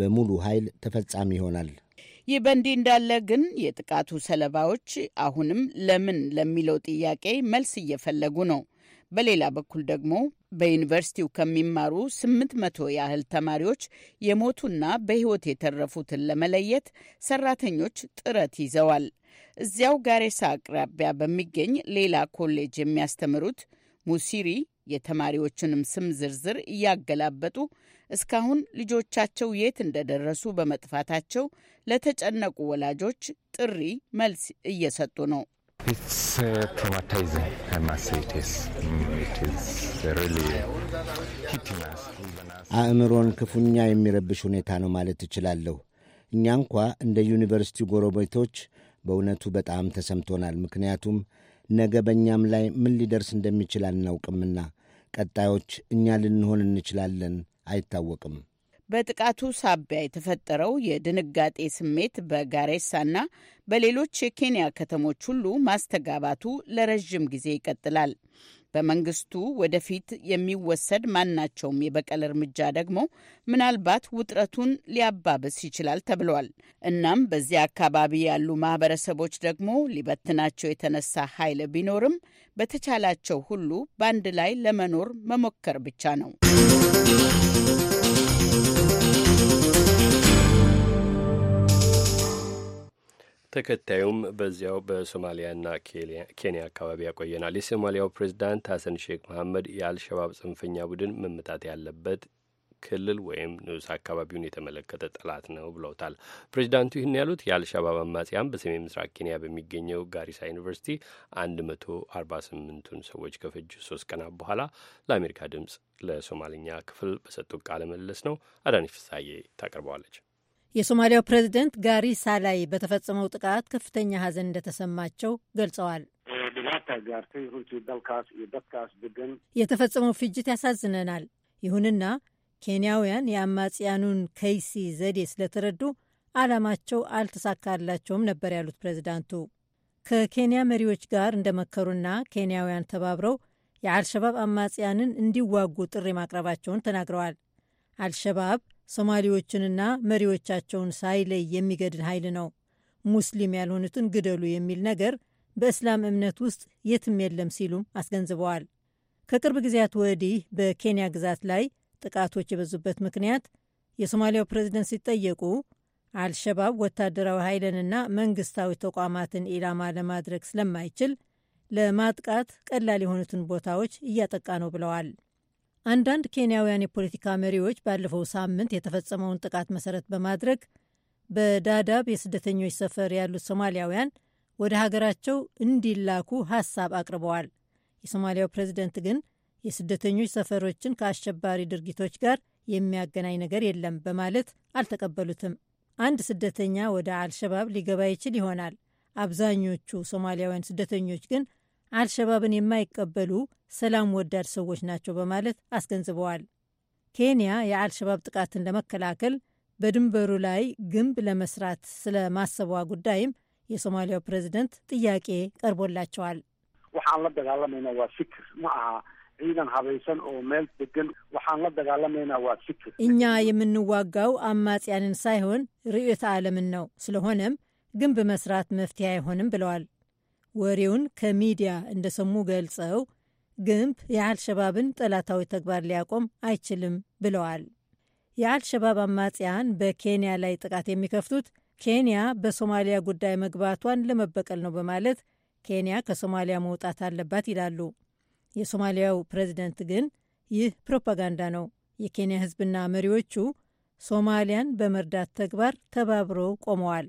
በሙሉ ኃይል ተፈጻሚ ይሆናል። ይህ በእንዲህ እንዳለ ግን የጥቃቱ ሰለባዎች አሁንም ለምን ለሚለው ጥያቄ መልስ እየፈለጉ ነው። በሌላ በኩል ደግሞ በዩኒቨርሲቲው ከሚማሩ ስምንት መቶ ያህል ተማሪዎች የሞቱና በሕይወት የተረፉትን ለመለየት ሰራተኞች ጥረት ይዘዋል። እዚያው ጋሬሳ አቅራቢያ በሚገኝ ሌላ ኮሌጅ የሚያስተምሩት ሙሲሪ የተማሪዎቹንም ስም ዝርዝር እያገላበጡ እስካሁን ልጆቻቸው የት እንደደረሱ በመጥፋታቸው ለተጨነቁ ወላጆች ጥሪ መልስ እየሰጡ ነው። uh, አእምሮን ክፉኛ የሚረብሽ ሁኔታ ነው ማለት እችላለሁ። እኛ እንኳ እንደ ዩኒቨርሲቲ ጎረቤቶች በእውነቱ በጣም ተሰምቶናል። ምክንያቱም ነገ በእኛም ላይ ምን ሊደርስ እንደሚችል አናውቅምና ቀጣዮች እኛ ልንሆን እንችላለን፣ አይታወቅም። በጥቃቱ ሳቢያ የተፈጠረው የድንጋጤ ስሜት በጋሬሳና በሌሎች የኬንያ ከተሞች ሁሉ ማስተጋባቱ ለረዥም ጊዜ ይቀጥላል። በመንግስቱ ወደፊት የሚወሰድ ማናቸውም የበቀል እርምጃ ደግሞ ምናልባት ውጥረቱን ሊያባብስ ይችላል ተብሏል። እናም በዚያ አካባቢ ያሉ ማህበረሰቦች ደግሞ ሊበትናቸው የተነሳ ኃይል ቢኖርም በተቻላቸው ሁሉ በአንድ ላይ ለመኖር መሞከር ብቻ ነው። ተከታዩም በዚያው በሶማሊያና ኬንያ አካባቢ ያቆየናል። የሶማሊያው ፕሬዚዳንት ሀሰን ሼክ መሐመድ የአልሸባብ ጽንፈኛ ቡድን መመታት ያለበት ክልል ወይም ንዑስ አካባቢውን የተመለከተ ጠላት ነው ብለውታል። ፕሬዚዳንቱ ይህን ያሉት የአልሻባብ አማጽያን በሰሜን ምስራቅ ኬንያ በሚገኘው ጋሪሳ ዩኒቨርሲቲ አርባ ስምንቱን ሰዎች ከፈጁ ሶስት ቀናት በኋላ ለአሜሪካ ድምጽ ለሶማልኛ ክፍል በሰጡት ቃለ መለስ ነው። አዳነች ፍሳዬ ታቀርበዋለች። የሶማሊያው ፕሬዚደንት ጋሪሳ ላይ በተፈጸመው ጥቃት ከፍተኛ ሀዘን እንደተሰማቸው ገልጸዋል። የተፈጸመው ፍጅት ያሳዝነናል። ይሁንና ኬንያውያን የአማጽያኑን ከይሲ ዘዴ ስለተረዱ ዓላማቸው አልተሳካላቸውም ነበር ያሉት ፕሬዚዳንቱ ከኬንያ መሪዎች ጋር እንደመከሩና ኬንያውያን ተባብረው የአልሸባብ አማጽያንን እንዲዋጉ ጥሪ ማቅረባቸውን ተናግረዋል። አልሸባብ ሶማሌዎችንና መሪዎቻቸውን ሳይለይ የሚገድል ኃይል ነው። ሙስሊም ያልሆኑትን ግደሉ የሚል ነገር በእስላም እምነት ውስጥ የትም የለም ሲሉም አስገንዝበዋል። ከቅርብ ጊዜያት ወዲህ በኬንያ ግዛት ላይ ጥቃቶች የበዙበት ምክንያት የሶማሊያው ፕሬዚደንት ሲጠየቁ አልሸባብ ወታደራዊ ኃይልንና መንግስታዊ ተቋማትን ኢላማ ለማድረግ ስለማይችል ለማጥቃት ቀላል የሆኑትን ቦታዎች እያጠቃ ነው ብለዋል። አንዳንድ ኬንያውያን የፖለቲካ መሪዎች ባለፈው ሳምንት የተፈጸመውን ጥቃት መሰረት በማድረግ በዳዳብ የስደተኞች ሰፈር ያሉት ሶማሊያውያን ወደ ሀገራቸው እንዲላኩ ሀሳብ አቅርበዋል። የሶማሊያው ፕሬዚደንት ግን የስደተኞች ሰፈሮችን ከአሸባሪ ድርጊቶች ጋር የሚያገናኝ ነገር የለም በማለት አልተቀበሉትም። አንድ ስደተኛ ወደ አልሸባብ ሊገባ ይችል ይሆናል። አብዛኞቹ ሶማሊያውያን ስደተኞች ግን አልሸባብን የማይቀበሉ ሰላም ወዳድ ሰዎች ናቸው በማለት አስገንዝበዋል። ኬንያ የአልሸባብ ጥቃትን ለመከላከል በድንበሩ ላይ ግንብ ለመስራት ስለ ማሰቧ ጉዳይም የሶማሊያው ፕሬዚደንት ጥያቄ ቀርቦላቸዋል። waxaan la dagaalamayna waa fikir ma aha ciidan habaysan oo meel degan waxaan la dagaalamayna waa fikir እኛ የምንዋጋው አማጽያንን ሳይሆን ርዕዮተ ዓለምን ነው። ስለሆነም ግንብ መስራት መፍትሄ አይሆንም ብለዋል ወሬውን ከሚዲያ እንደሰሙ ገልጸው ግንብ የአልሸባብን ጠላታዊ ተግባር ሊያቆም አይችልም ብለዋል። የአልሸባብ አማጽያን በኬንያ ላይ ጥቃት የሚከፍቱት ኬንያ በሶማሊያ ጉዳይ መግባቷን ለመበቀል ነው በማለት ኬንያ ከሶማሊያ መውጣት አለባት ይላሉ። የሶማሊያው ፕሬዚደንት ግን ይህ ፕሮፓጋንዳ ነው፣ የኬንያ ሕዝብና መሪዎቹ ሶማሊያን በመርዳት ተግባር ተባብረው ቆመዋል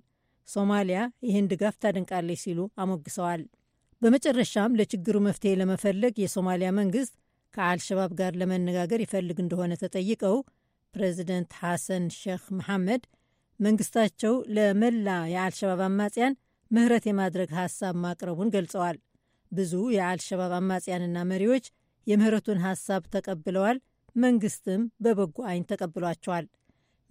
ሶማሊያ ይህን ድጋፍ ታደንቃለች ሲሉ አሞግሰዋል። በመጨረሻም ለችግሩ መፍትሄ ለመፈለግ የሶማሊያ መንግስት ከአልሸባብ ጋር ለመነጋገር ይፈልግ እንደሆነ ተጠይቀው ፕሬዚደንት ሐሰን ሼክ መሐመድ መንግስታቸው ለመላ የአልሸባብ አማጽያን ምህረት የማድረግ ሐሳብ ማቅረቡን ገልጸዋል። ብዙ የአልሸባብ አማጽያንና መሪዎች የምህረቱን ሐሳብ ተቀብለዋል። መንግስትም በበጎ አይን ተቀብሏቸዋል።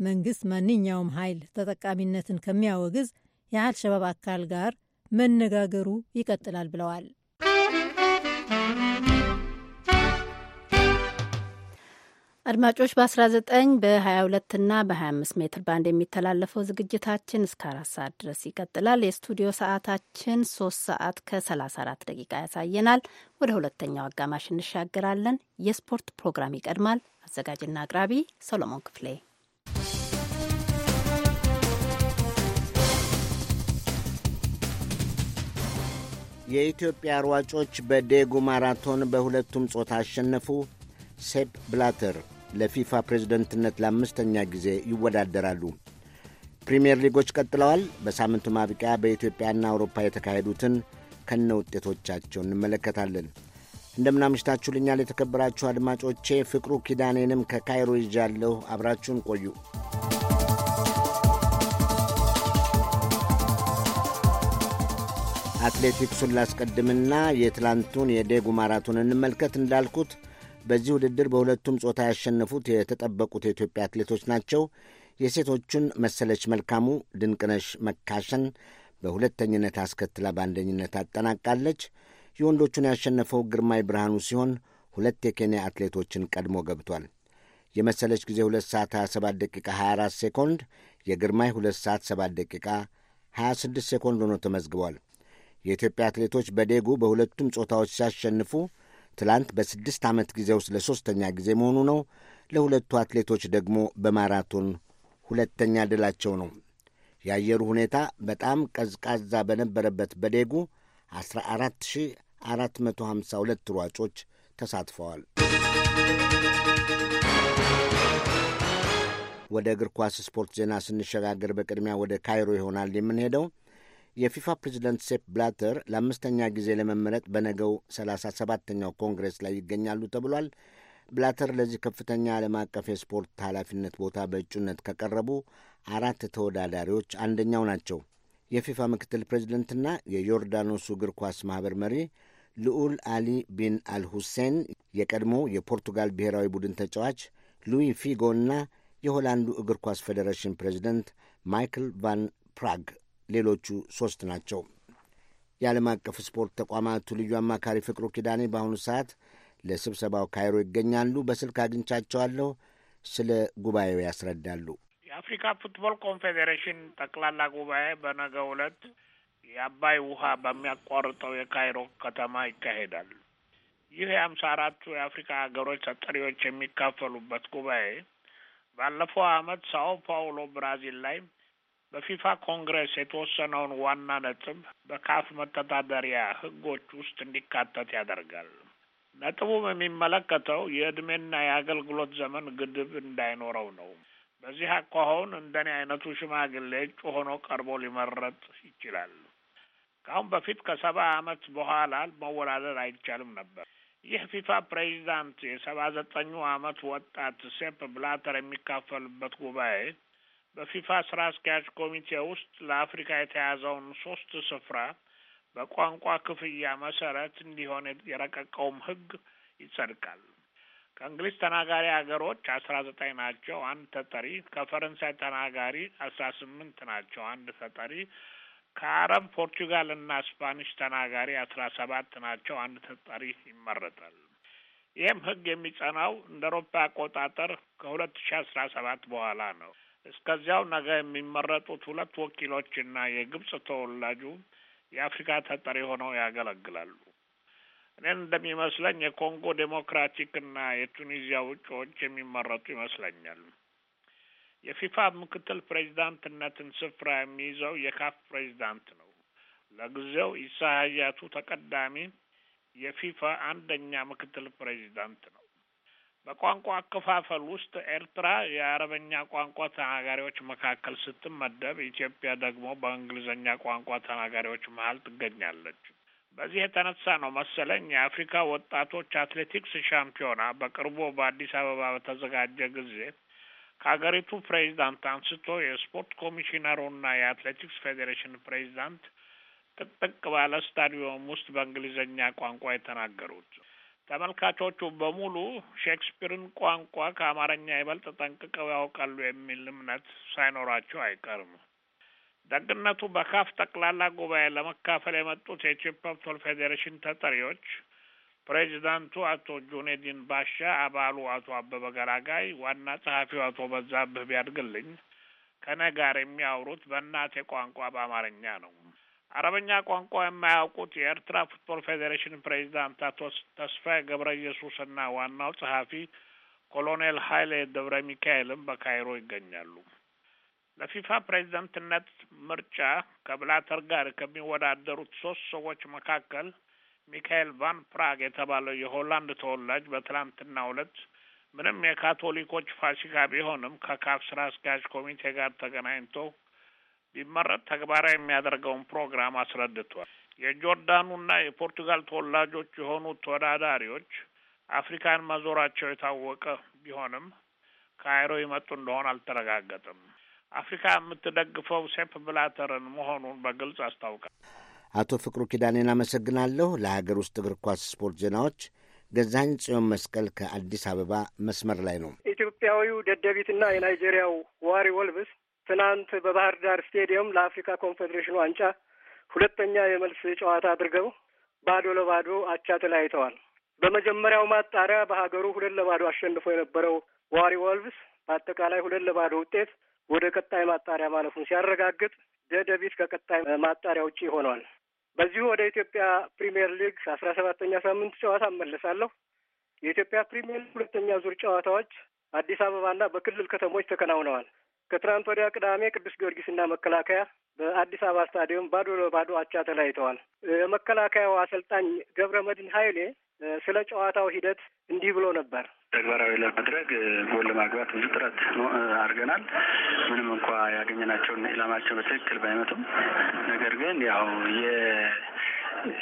መንግስት ማንኛውም ኃይል ተጠቃሚነትን ከሚያወግዝ የአልሸባብ አካል ጋር መነጋገሩ ይቀጥላል ብለዋል። አድማጮች በ19 በ22 እና በ25 ሜትር ባንድ የሚተላለፈው ዝግጅታችን እስከ አራት ሰዓት ድረስ ይቀጥላል። የስቱዲዮ ሰዓታችን 3 ሰዓት ከ34 ደቂቃ ያሳየናል። ወደ ሁለተኛው አጋማሽ እንሻገራለን። የስፖርት ፕሮግራም ይቀድማል። አዘጋጅና አቅራቢ ሰሎሞን ክፍሌ የኢትዮጵያ ሯጮች በዴጉ ማራቶን በሁለቱም ጾታ አሸነፉ። ሴፕ ብላተር ለፊፋ ፕሬዝደንትነት ለአምስተኛ ጊዜ ይወዳደራሉ። ፕሪምየር ሊጎች ቀጥለዋል። በሳምንቱ ማብቂያ በኢትዮጵያና አውሮፓ የተካሄዱትን ከነ ውጤቶቻቸው እንመለከታለን። እንደምናምሽታችሁ ልኛል የተከበራችሁ አድማጮቼ። ፍቅሩ ኪዳኔንም ከካይሮ ይዣለሁ። አብራችሁን ቆዩ። አትሌቲክሱን ላስቀድምና የትላንቱን የዴጉ ማራቶን እንመልከት። እንዳልኩት በዚህ ውድድር በሁለቱም ጾታ ያሸነፉት የተጠበቁት የኢትዮጵያ አትሌቶች ናቸው። የሴቶቹን መሰለች መልካሙ ድንቅነሽ መካሸን በሁለተኝነት አስከትላ በአንደኝነት አጠናቃለች። የወንዶቹን ያሸነፈው ግርማይ ብርሃኑ ሲሆን ሁለት የኬንያ አትሌቶችን ቀድሞ ገብቷል። የመሰለች ጊዜ 2 ሰዓት 27 ደቂቃ 24 ሴኮንድ፣ የግርማይ 2 ሰዓት 7 ደቂቃ 26 ሴኮንድ ሆኖ ተመዝግቧል። የኢትዮጵያ አትሌቶች በዴጉ በሁለቱም ጾታዎች ሲያሸንፉ ትላንት በስድስት ዓመት ጊዜ ውስጥ ለሦስተኛ ጊዜ መሆኑ ነው። ለሁለቱ አትሌቶች ደግሞ በማራቶን ሁለተኛ ድላቸው ነው። የአየሩ ሁኔታ በጣም ቀዝቃዛ በነበረበት በዴጉ 14452 ሯጮች ተሳትፈዋል። ወደ እግር ኳስ ስፖርት ዜና ስንሸጋገር በቅድሚያ ወደ ካይሮ ይሆናል የምንሄደው። የፊፋ ፕሬዚደንት ሴፕ ብላተር ለአምስተኛ ጊዜ ለመመረጥ በነገው ሰላሳ ሰባተኛው ኮንግረስ ላይ ይገኛሉ ተብሏል። ብላተር ለዚህ ከፍተኛ ዓለም አቀፍ የስፖርት ኃላፊነት ቦታ በእጩነት ከቀረቡ አራት ተወዳዳሪዎች አንደኛው ናቸው። የፊፋ ምክትል ፕሬዚደንትና የዮርዳኖሱ እግር ኳስ ማኅበር መሪ ልዑል አሊ ቢን አልሁሴን፣ የቀድሞ የፖርቱጋል ብሔራዊ ቡድን ተጫዋች ሉዊ ፊጎ እና የሆላንዱ እግር ኳስ ፌዴሬሽን ፕሬዚደንት ማይክል ቫን ፕራግ ሌሎቹ ሦስት ናቸው። የዓለም አቀፍ ስፖርት ተቋማቱ ልዩ አማካሪ ፍቅሩ ኪዳኔ በአሁኑ ሰዓት ለስብሰባው ካይሮ ይገኛሉ። በስልክ አግኝቻቸዋለሁ። ስለ ጉባኤው ያስረዳሉ። የአፍሪካ ፉትቦል ኮንፌዴሬሽን ጠቅላላ ጉባኤ በነገ ዕለት የአባይ ውሃ በሚያቋርጠው የካይሮ ከተማ ይካሄዳል። ይህ የአምሳ አራቱ የአፍሪካ ሀገሮች ተጠሪዎች የሚካፈሉበት ጉባኤ ባለፈው ዓመት ሳኦ ፓውሎ ብራዚል ላይ በፊፋ ኮንግሬስ የተወሰነውን ዋና ነጥብ በካፍ መተዳደሪያ ህጎች ውስጥ እንዲካተት ያደርጋል። ነጥቡም የሚመለከተው የእድሜና የአገልግሎት ዘመን ግድብ እንዳይኖረው ነው። በዚህ አኳኋን እንደኔ አይነቱ ሽማግሌ እጩ ሆኖ ቀርቦ ሊመረጥ ይችላል። ከአሁን በፊት ከሰባ ዓመት በኋላ መወዳደር አይቻልም ነበር። ይህ ፊፋ ፕሬዚዳንት የሰባ ዘጠኙ ዓመት ወጣት ሴፕ ብላተር የሚካፈሉበት ጉባኤ በፊፋ ስራ አስኪያጅ ኮሚቴ ውስጥ ለአፍሪካ የተያዘውን ሶስት ስፍራ በቋንቋ ክፍያ መሰረት እንዲሆን የረቀቀውም ህግ ይጸድቃል። ከእንግሊዝ ተናጋሪ ሀገሮች አስራ ዘጠኝ ናቸው፣ አንድ ተጠሪ። ከፈረንሳይ ተናጋሪ አስራ ስምንት ናቸው፣ አንድ ተጠሪ። ከአረብ ፖርቱጋል እና ስፓኒሽ ተናጋሪ አስራ ሰባት ናቸው፣ አንድ ተጠሪ ይመረጣል። ይህም ህግ የሚጸናው እንደ አውሮፓ አቆጣጠር ከሁለት ሺ አስራ ሰባት በኋላ ነው። እስከዚያው ነገ የሚመረጡት ሁለት እና የግብጽ ተወላጁ የአፍሪካ ተጠሪ ሆነው ያገለግላሉ። እኔን እንደሚመስለኝ የኮንጎ እና የቱኒዚያ ውጭዎች የሚመረጡ ይመስለኛል። የፊፋ ምክትል ፕሬዚዳንትነትን ስፍራ የሚይዘው የካፍ ፕሬዚዳንት ነው። ለጊዜው ኢሳ ተቀዳሚ የፊፋ አንደኛ ምክትል ፕሬዚዳንት ነው። በቋንቋ አከፋፈል ውስጥ ኤርትራ የአረበኛ ቋንቋ ተናጋሪዎች መካከል ስትመደብ፣ ኢትዮጵያ ደግሞ በእንግሊዝኛ ቋንቋ ተናጋሪዎች መሀል ትገኛለች። በዚህ የተነሳ ነው መሰለኝ የአፍሪካ ወጣቶች አትሌቲክስ ሻምፒዮና በቅርቡ በአዲስ አበባ በተዘጋጀ ጊዜ ከሀገሪቱ ፕሬዚዳንት አንስቶ የስፖርት ኮሚሽነሩና የአትሌቲክስ ፌዴሬሽን ፕሬዚዳንት ጥቅጥቅ ባለ ስታዲዮም ውስጥ በእንግሊዝኛ ቋንቋ የተናገሩት። ተመልካቾቹ በሙሉ ሼክስፒርን ቋንቋ ከአማርኛ ይበልጥ ጠንቅቀው ያውቃሉ የሚል እምነት ሳይኖራቸው አይቀርም። ደግነቱ በካፍ ጠቅላላ ጉባኤ ለመካፈል የመጡት የቼፐርቶል ፌዴሬሽን ተጠሪዎች ፕሬዚዳንቱ አቶ ጁኔዲን ባሻ፣ አባሉ አቶ አበበ ገላጋይ፣ ዋና ጸሐፊው አቶ በዛብህ ቢያድግልኝ ከነ ጋር የሚያወሩት በእናቴ ቋንቋ በአማርኛ ነው። አረበኛ ቋንቋ የማያውቁት የኤርትራ ፉትቦል ፌዴሬሽን ፕሬዚዳንት አቶ ተስፋዬ ገብረ ኢየሱስና ዋናው ጸሐፊ ኮሎኔል ሀይሌ ደብረ ሚካኤልም በካይሮ ይገኛሉ። ለፊፋ ፕሬዝደንትነት ምርጫ ከብላተር ጋር ከሚወዳደሩት ሶስት ሰዎች መካከል ሚካኤል ቫን ፕራግ የተባለው የሆላንድ ተወላጅ በትናንትናው ሁለት ምንም የካቶሊኮች ፋሲካ ቢሆንም ከካፍ ስራ አስኪያጅ ኮሚቴ ጋር ተገናኝቶ ቢመረጥ ተግባራዊ የሚያደርገውን ፕሮግራም አስረድቷል። የጆርዳኑና የፖርቱጋል ተወላጆች የሆኑ ተወዳዳሪዎች አፍሪካን መዞራቸው የታወቀ ቢሆንም ካይሮ ይመጡ እንደሆነ አልተረጋገጠም። አፍሪካ የምትደግፈው ሴፕ ብላተርን መሆኑን በግልጽ አስታውቃል። አቶ ፍቅሩ ኪዳኔን አመሰግናለሁ። ለሀገር ውስጥ እግር ኳስ ስፖርት ዜናዎች ገዛኝ ጽዮን መስቀል ከአዲስ አበባ መስመር ላይ ነው። ኢትዮጵያዊው ደደቢትና የናይጄሪያው ዋሪ ወልብስ ትናንት በባህር ዳር ስቴዲየም ለአፍሪካ ኮንፌዴሬሽን ዋንጫ ሁለተኛ የመልስ ጨዋታ አድርገው ባዶ ለባዶ አቻ ተለያይተዋል። በመጀመሪያው ማጣሪያ በሀገሩ ሁለት ለባዶ አሸንፎ የነበረው ዋሪ ወልቭስ በአጠቃላይ ሁለት ለባዶ ውጤት ወደ ቀጣይ ማጣሪያ ማለፉን ሲያረጋግጥ ደደቢት ከቀጣይ ማጣሪያ ውጪ ሆኗል። በዚሁ ወደ ኢትዮጵያ ፕሪምየር ሊግ አስራ ሰባተኛ ሳምንት ጨዋታ እመለሳለሁ። የኢትዮጵያ ፕሪምየር ሊግ ሁለተኛ ዙር ጨዋታዎች አዲስ አበባና በክልል ከተሞች ተከናውነዋል። ከትናንት ወዲያ ቅዳሜ ቅዱስ ጊዮርጊስና መከላከያ በአዲስ አበባ ስታዲየም ባዶ ለባዶ አቻ ተለያይተዋል። የመከላከያው አሰልጣኝ ገብረ መድን ኃይሌ ስለ ጨዋታው ሂደት እንዲህ ብሎ ነበር። ተግባራዊ ለማድረግ ጎል ለማግባት ብዙ ጥረት አድርገናል። ምንም እንኳ ያገኘናቸውን ኢላማቸው በትክክል ባይመጡም፣ ነገር ግን ያው የ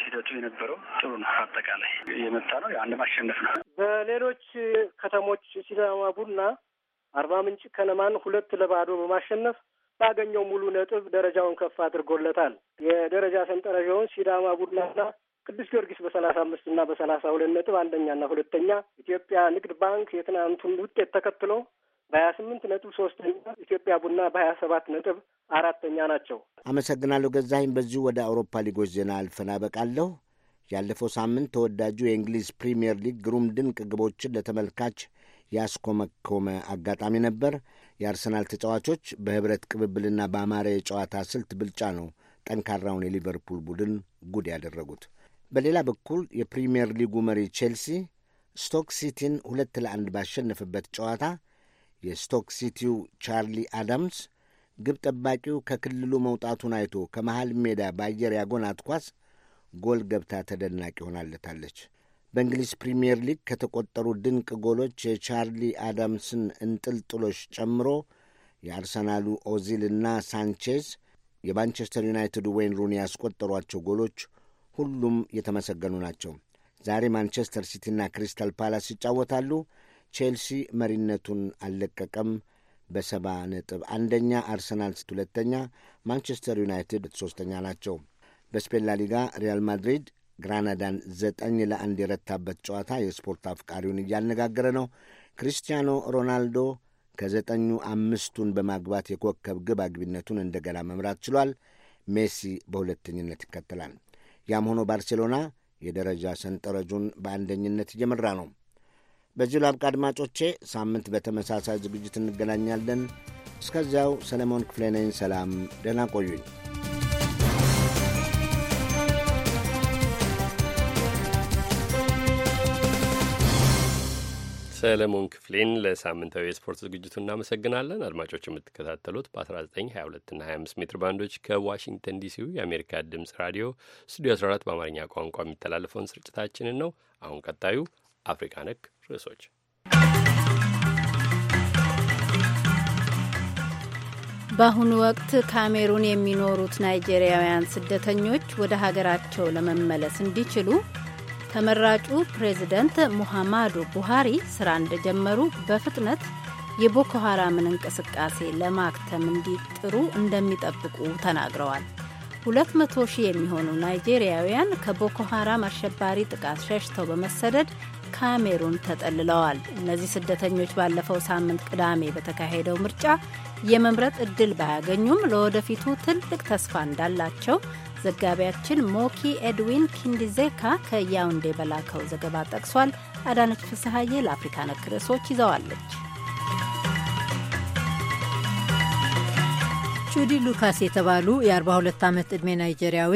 ሂደቱ የነበረው ጥሩ ነው። አጠቃላይ የመጣ ነው የአንድ ማሸነፍ ነው። በሌሎች ከተሞች ሲዳማ ቡና አርባ ምንጭ ከነማን ሁለት ለባዶ በማሸነፍ ባገኘው ሙሉ ነጥብ ደረጃውን ከፍ አድርጎለታል። የደረጃ ሰንጠረዣውን ሲዳማ ቡናና ቅዱስ ጊዮርጊስ በሰላሳ አምስት እና በሰላሳ ሁለት ነጥብ አንደኛና ሁለተኛ፣ ኢትዮጵያ ንግድ ባንክ የትናንቱን ውጤት ተከትሎ በሀያ ስምንት ነጥብ ሶስተኛ፣ ኢትዮጵያ ቡና በሀያ ሰባት ነጥብ አራተኛ ናቸው። አመሰግናለሁ ገዛኸኝ። በዚሁ ወደ አውሮፓ ሊጎች ዜና አልፈና በቃለሁ። ያለፈው ሳምንት ተወዳጁ የእንግሊዝ ፕሪምየር ሊግ ግሩም ድንቅ ግቦችን ለተመልካች ያስኮመኮመ አጋጣሚ ነበር። የአርሰናል ተጫዋቾች በህብረት ቅብብልና በአማረ የጨዋታ ስልት ብልጫ ነው ጠንካራውን የሊቨርፑል ቡድን ጉድ ያደረጉት። በሌላ በኩል የፕሪምየር ሊጉ መሪ ቼልሲ ስቶክ ሲቲን ሁለት ለአንድ ባሸነፈበት ጨዋታ የስቶክ ሲቲው ቻርሊ አዳምስ ግብ ጠባቂው ከክልሉ መውጣቱን አይቶ ከመሃል ሜዳ በአየር ያጎናት ኳስ ጎል ገብታ ተደናቂ ሆናለታለች። በእንግሊዝ ፕሪምየር ሊግ ከተቆጠሩ ድንቅ ጎሎች የቻርሊ አዳምስን እንጥልጥሎች ጨምሮ የአርሰናሉ ኦዚል እና ሳንቼዝ የማንቸስተር ዩናይትድ ዌይን ሩኒ ያስቆጠሯቸው ጎሎች ሁሉም የተመሰገኑ ናቸው። ዛሬ ማንቸስተር ሲቲና ክሪስታል ፓላስ ይጫወታሉ። ቼልሲ መሪነቱን አልለቀቀም። በሰባ ነጥብ አንደኛ፣ አርሰናል ሁለተኛ፣ ማንቸስተር ዩናይትድ ሦስተኛ ናቸው። በስፔን ላሊጋ ሪያል ማድሪድ ግራናዳን ዘጠኝ ለአንድ የረታበት ጨዋታ የስፖርት አፍቃሪውን እያነጋገረ ነው። ክሪስቲያኖ ሮናልዶ ከዘጠኙ አምስቱን በማግባት የኮከብ ግብ አግቢነቱን እንደገና መምራት ችሏል። ሜሲ በሁለተኝነት ይከተላል። ያም ሆኖ ባርሴሎና የደረጃ ሰንጠረጁን በአንደኝነት እየመራ ነው። በዚሁ ላብቃ አድማጮቼ። ሳምንት በተመሳሳይ ዝግጅት እንገናኛለን። እስከዚያው ሰለሞን ክፍሌ ነኝ። ሰላም፣ ደህና ቆዩኝ። ሰለሞን ክፍሌን ለሳምንታዊ የስፖርት ዝግጅቱ እናመሰግናለን። አድማጮች የምትከታተሉት በ1922 እና 25 ሜትር ባንዶች ከዋሽንግተን ዲሲው የአሜሪካ ድምፅ ራዲዮ ስቱዲዮ 14 በአማርኛ ቋንቋ የሚተላለፈውን ስርጭታችንን ነው። አሁን ቀጣዩ አፍሪካ ነክ ርዕሶች በአሁኑ ወቅት ካሜሩን የሚኖሩት ናይጄሪያውያን ስደተኞች ወደ ሀገራቸው ለመመለስ እንዲችሉ ተመራጩ ፕሬዚደንት ሙሐማዱ ቡሃሪ ስራ እንደጀመሩ በፍጥነት የቦኮ ሀራምን እንቅስቃሴ ለማክተም እንዲጥሩ እንደሚጠብቁ ተናግረዋል። 200 መቶ ሺህ የሚሆኑ ናይጄሪያውያን ከቦኮ ሀራም አሸባሪ ጥቃት ሸሽተው በመሰደድ ካሜሩን ተጠልለዋል። እነዚህ ስደተኞች ባለፈው ሳምንት ቅዳሜ በተካሄደው ምርጫ የመምረጥ እድል ባያገኙም ለወደፊቱ ትልቅ ተስፋ እንዳላቸው ዘጋቢያችን ሞኪ ኤድዊን ኪንዲዜካ ከያውንዴ በላከው ዘገባ ጠቅሷል። አዳነች ፍስሐዬ ለአፍሪካ ነክ ርዕሶች ይዘዋለች። ጁዲ ሉካስ የተባሉ የ42 ዓመት ዕድሜ ናይጄሪያዊ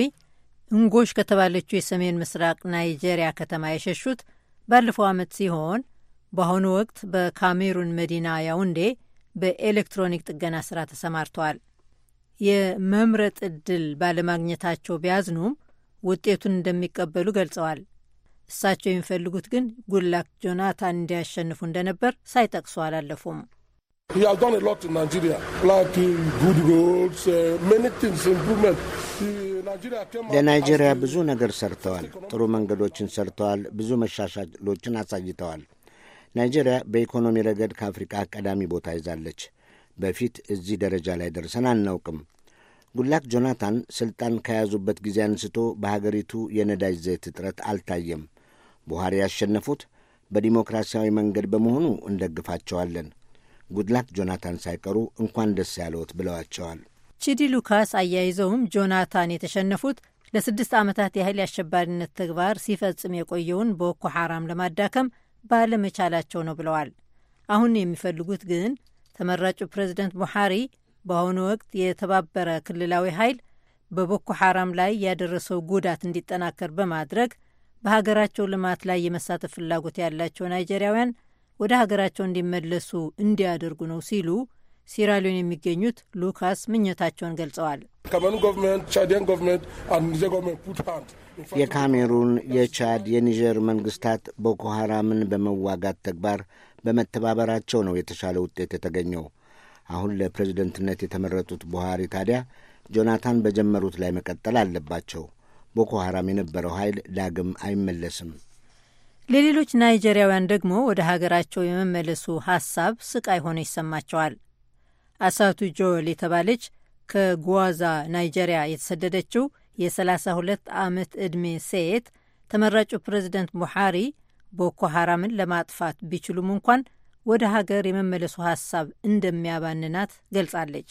እንጎሽ ከተባለችው የሰሜን ምስራቅ ናይጄሪያ ከተማ የሸሹት ባለፈው ዓመት ሲሆን በአሁኑ ወቅት በካሜሩን መዲና ያውንዴ በኤሌክትሮኒክ ጥገና ስራ ተሰማርተዋል። የመምረጥ እድል ባለማግኘታቸው ቢያዝኑም ውጤቱን እንደሚቀበሉ ገልጸዋል። እሳቸው የሚፈልጉት ግን ጉድላክ ጆናታን እንዲያሸንፉ እንደነበር ሳይጠቅሱ አላለፉም። uh, ለናይጄሪያ ብዙ ነገር ሰርተዋል። ጥሩ መንገዶችን ሰርተዋል። ብዙ መሻሻሎችን አሳይተዋል። ናይጄሪያ በኢኮኖሚ ረገድ ከአፍሪቃ ቀዳሚ ቦታ ይዛለች። በፊት እዚህ ደረጃ ላይ ደርሰን አናውቅም። ጉላክ ጆናታን ስልጣን ከያዙበት ጊዜ አንስቶ በሀገሪቱ የነዳጅ ዘይት እጥረት አልታየም። ቡሃሪ ያሸነፉት በዲሞክራሲያዊ መንገድ በመሆኑ እንደግፋቸዋለን። ጉድላክ ጆናታን ሳይቀሩ እንኳን ደስ ያለዎት ብለዋቸዋል። ቺዲ ሉካስ አያይዘውም ጆናታን የተሸነፉት ለስድስት ዓመታት ያህል የአሸባሪነት ተግባር ሲፈጽም የቆየውን ቦኮ ሐራም ለማዳከም ባለመቻላቸው ነው ብለዋል። አሁን የሚፈልጉት ግን ተመራጩ ፕሬዚደንት ቡሓሪ በአሁኑ ወቅት የተባበረ ክልላዊ ኃይል በቦኮ ሐራም ላይ ያደረሰው ጉዳት እንዲጠናከር በማድረግ በሀገራቸው ልማት ላይ የመሳተፍ ፍላጎት ያላቸው ናይጄሪያውያን ወደ ሀገራቸው እንዲመለሱ እንዲያደርጉ ነው ሲሉ ሲራሊዮን የሚገኙት ሉካስ ምኞታቸውን ገልጸዋል። የካሜሩን፣ የቻድ፣ የኒጀር መንግስታት ቦኮ ሐራምን በመዋጋት ተግባር በመተባበራቸው ነው የተሻለ ውጤት የተገኘው። አሁን ለፕሬዝደንትነት የተመረጡት ቡሃሪ ታዲያ ጆናታን በጀመሩት ላይ መቀጠል አለባቸው። ቦኮ ሐራም የነበረው ኃይል ዳግም አይመለስም። ለሌሎች ናይጄሪያውያን ደግሞ ወደ ሀገራቸው የመመለሱ ሀሳብ ስቃይ ሆኖ ይሰማቸዋል። አሳቱ ጆል የተባለች ከጓዛ ናይጄሪያ የተሰደደችው የ32 ዓመት ዕድሜ ሴት ተመራጩ ፕሬዚደንት ቡሓሪ ቦኮ ሐራምን ለማጥፋት ቢችሉም እንኳን ወደ ሀገር የመመለሱ ሀሳብ እንደሚያባንናት ገልጻለች።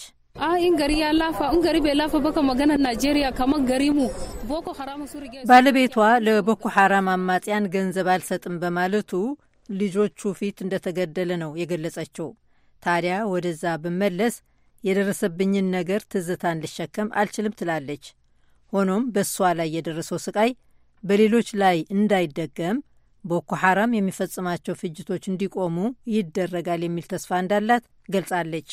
ባለቤቷ ለቦኮ ሐራም አማጽያን ገንዘብ አልሰጥም በማለቱ ልጆቹ ፊት እንደተገደለ ነው የገለጸችው። ታዲያ ወደዛ ብመለስ የደረሰብኝን ነገር ትዝታ ልሸከም አልችልም ትላለች። ሆኖም በእሷ ላይ የደረሰው ስቃይ በሌሎች ላይ እንዳይደገም ቦኮ ሐራም የሚፈጽማቸው ፍጅቶች እንዲቆሙ ይደረጋል የሚል ተስፋ እንዳላት ገልጻለች።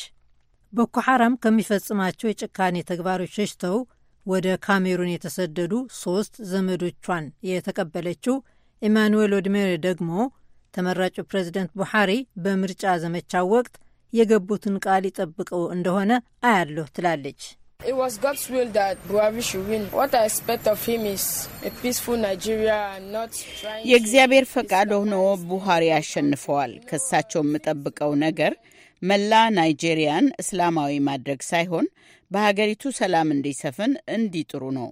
ቦኮ ሐራም ከሚፈጽማቸው የጭካኔ ተግባሮች ሸሽተው ወደ ካሜሩን የተሰደዱ ሶስት ዘመዶቿን የተቀበለችው ኢማኑዌል ኦድሜሬ ደግሞ ተመራጩ ፕሬዚደንት ቡሐሪ በምርጫ ዘመቻው ወቅት የገቡትን ቃል ይጠብቀው እንደሆነ አያለሁ ትላለች። የእግዚአብሔር ፈቃድ ሆኖ ቡሃሪ አሸንፈዋል። ከሳቸው የምጠብቀው ነገር መላ ናይጄሪያን እስላማዊ ማድረግ ሳይሆን በሀገሪቱ ሰላም እንዲሰፍን እንዲጥሩ ነው።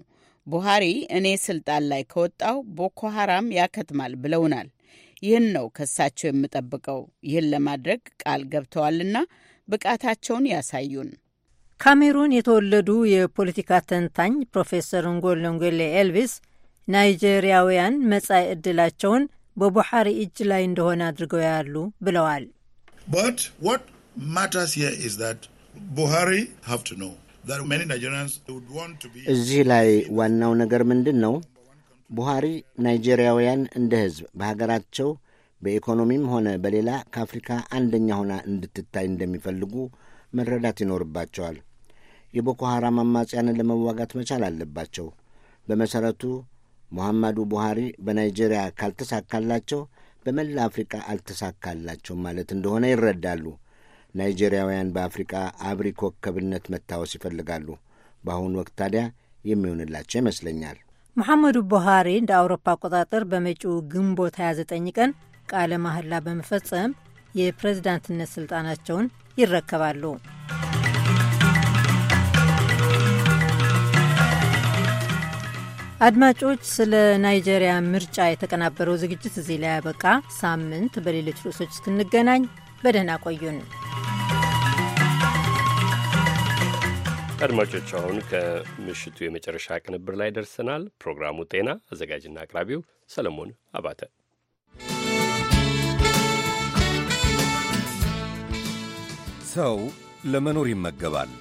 ቡሃሪ እኔ ስልጣን ላይ ከወጣው ቦኮ ሀራም ያከትማል ብለውናል። ይህን ነው ከሳቸው የምጠብቀው። ይህን ለማድረግ ቃል ገብተዋልና ብቃታቸውን ያሳዩን። ካሜሩን የተወለዱ የፖለቲካ ተንታኝ ፕሮፌሰር እንጎለ ኤልቪስ ናይጄሪያውያን መጻኢ ዕድላቸውን በቡሐሪ እጅ ላይ እንደሆነ አድርገው ያሉ ብለዋል። እዚህ ላይ ዋናው ነገር ምንድን ነው? ቡሃሪ ናይጄሪያውያን እንደ ሕዝብ በሀገራቸው በኢኮኖሚም ሆነ በሌላ ከአፍሪካ አንደኛ ሆና እንድትታይ እንደሚፈልጉ መረዳት ይኖርባቸዋል። የቦኮ ሐራም አማጽያንን ለመዋጋት መቻል አለባቸው። በመሠረቱ ሙሐመዱ ቡሃሪ በናይጄሪያ ካልተሳካላቸው በመላ አፍሪቃ አልተሳካላቸውም ማለት እንደሆነ ይረዳሉ። ናይጄሪያውያን በአፍሪቃ አብሪ ኮከብነት መታወስ ይፈልጋሉ። በአሁኑ ወቅት ታዲያ የሚሆንላቸው ይመስለኛል። መሐመዱ ቡሃሪ እንደ አውሮፓ አቆጣጠር በመጪው ግንቦት 29 ቀን ቃለ መሐላ በመፈጸም የፕሬዝዳንትነት ሥልጣናቸውን ይረከባሉ። አድማጮች፣ ስለ ናይጄሪያ ምርጫ የተቀናበረው ዝግጅት እዚህ ላይ ያበቃ። ሳምንት በሌሎች ርዕሶች እስክንገናኝ በደህና ቆዩን። አድማጮች፣ አሁን ከምሽቱ የመጨረሻ ቅንብር ላይ ደርሰናል። ፕሮግራሙ ጤና፣ አዘጋጅና አቅራቢው ሰለሞን አባተ። ሰው ለመኖር ይመገባል።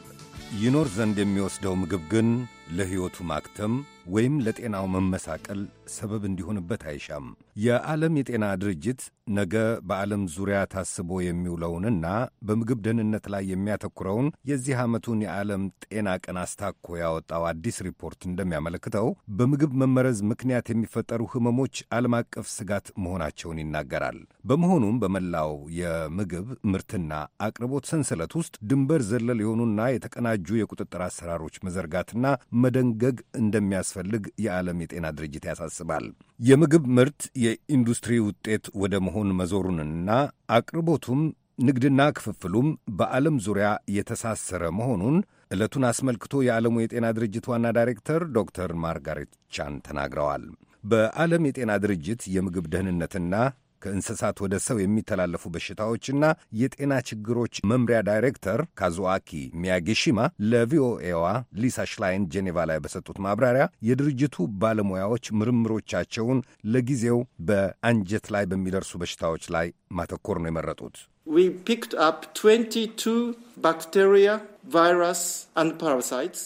ይኖር ዘንድ የሚወስደው ምግብ ግን ለሕይወቱ ማክተም ወይም ለጤናው መመሳቀል ሰበብ እንዲሆንበት አይሻም። የዓለም የጤና ድርጅት ነገ በዓለም ዙሪያ ታስቦ የሚውለውንና በምግብ ደህንነት ላይ የሚያተኩረውን የዚህ ዓመቱን የዓለም ጤና ቀን አስታኮ ያወጣው አዲስ ሪፖርት እንደሚያመለክተው በምግብ መመረዝ ምክንያት የሚፈጠሩ ሕመሞች ዓለም አቀፍ ስጋት መሆናቸውን ይናገራል። በመሆኑም በመላው የምግብ ምርትና አቅርቦት ሰንሰለት ውስጥ ድንበር ዘለል የሆኑና የተቀናጁ የቁጥጥር አሰራሮች መዘርጋትና መደንገግ እንደሚያስፈልግ የዓለም የጤና ድርጅት ያሳስባል። የምግብ ምርት የኢንዱስትሪ ውጤት ወደ መሆን መዞሩንና አቅርቦቱም ንግድና ክፍፍሉም በዓለም ዙሪያ የተሳሰረ መሆኑን ዕለቱን አስመልክቶ የዓለሙ የጤና ድርጅት ዋና ዳይሬክተር ዶክተር ማርጋሬት ቻን ተናግረዋል። በዓለም የጤና ድርጅት የምግብ ደህንነትና ከእንስሳት ወደ ሰው የሚተላለፉ በሽታዎችና የጤና ችግሮች መምሪያ ዳይሬክተር ካዙዋኪ ሚያጌሺማ ለቪኦኤዋ ሊሳ ሽላይን ጄኔቫ ላይ በሰጡት ማብራሪያ የድርጅቱ ባለሙያዎች ምርምሮቻቸውን ለጊዜው በአንጀት ላይ በሚደርሱ በሽታዎች ላይ ማተኮር ነው የመረጡት። We picked up 22 bacteria, virus and parasites.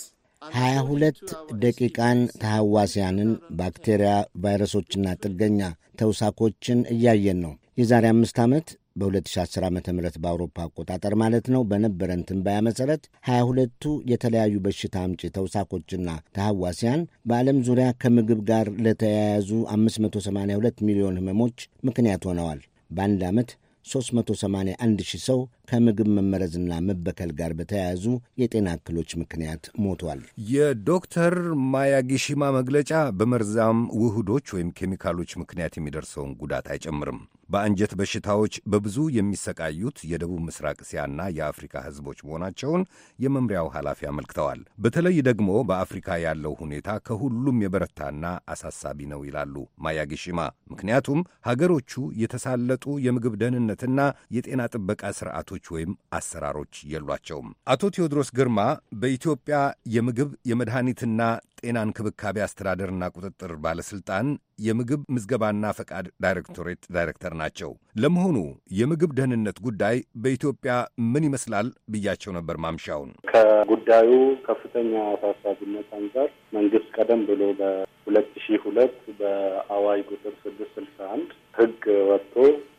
22 ሁለት ደቂቃን ተሐዋስያንን ባክቴሪያ፣ ቫይረሶችና ጥገኛ ተውሳኮችን እያየን ነው። የዛሬ አምስት ዓመት በ2010 ዓ ም በአውሮፓ አቆጣጠር ማለት ነው በነበረን ትንባያ መሠረት 22ቱ የተለያዩ በሽታ አምጪ ተውሳኮችና ተሐዋስያን በዓለም ዙሪያ ከምግብ ጋር ለተያያዙ 582 ሚሊዮን ህመሞች ምክንያት ሆነዋል። በአንድ ዓመት 381 ሺህ ሰው ከምግብ መመረዝና መበከል ጋር በተያያዙ የጤና እክሎች ምክንያት ሞቷል። የዶክተር ማያጊሺማ መግለጫ በመርዛም ውህዶች ወይም ኬሚካሎች ምክንያት የሚደርሰውን ጉዳት አይጨምርም። በአንጀት በሽታዎች በብዙ የሚሰቃዩት የደቡብ ምስራቅ እስያና የአፍሪካ ህዝቦች መሆናቸውን የመምሪያው ኃላፊ አመልክተዋል። በተለይ ደግሞ በአፍሪካ ያለው ሁኔታ ከሁሉም የበረታና አሳሳቢ ነው ይላሉ ማያጊሺማ። ምክንያቱም ሀገሮቹ የተሳለጡ የምግብ ደህንነትና የጤና ጥበቃ ስርዓቱ ስርዓቶች ወይም አሰራሮች የሏቸውም። አቶ ቴዎድሮስ ግርማ በኢትዮጵያ የምግብ የመድኃኒትና ጤና እንክብካቤ አስተዳደርና ቁጥጥር ባለሥልጣን የምግብ ምዝገባና ፈቃድ ዳይሬክቶሬት ዳይሬክተር ናቸው። ለመሆኑ የምግብ ደህንነት ጉዳይ በኢትዮጵያ ምን ይመስላል ብያቸው ነበር ማምሻውን። ከጉዳዩ ከፍተኛ አሳሳቢነት አንጻር መንግስት ቀደም ብሎ በሁለት ሺህ ሁለት በአዋጅ ቁጥር ስድስት ስልሳ አንድ ህግ ወጥቶ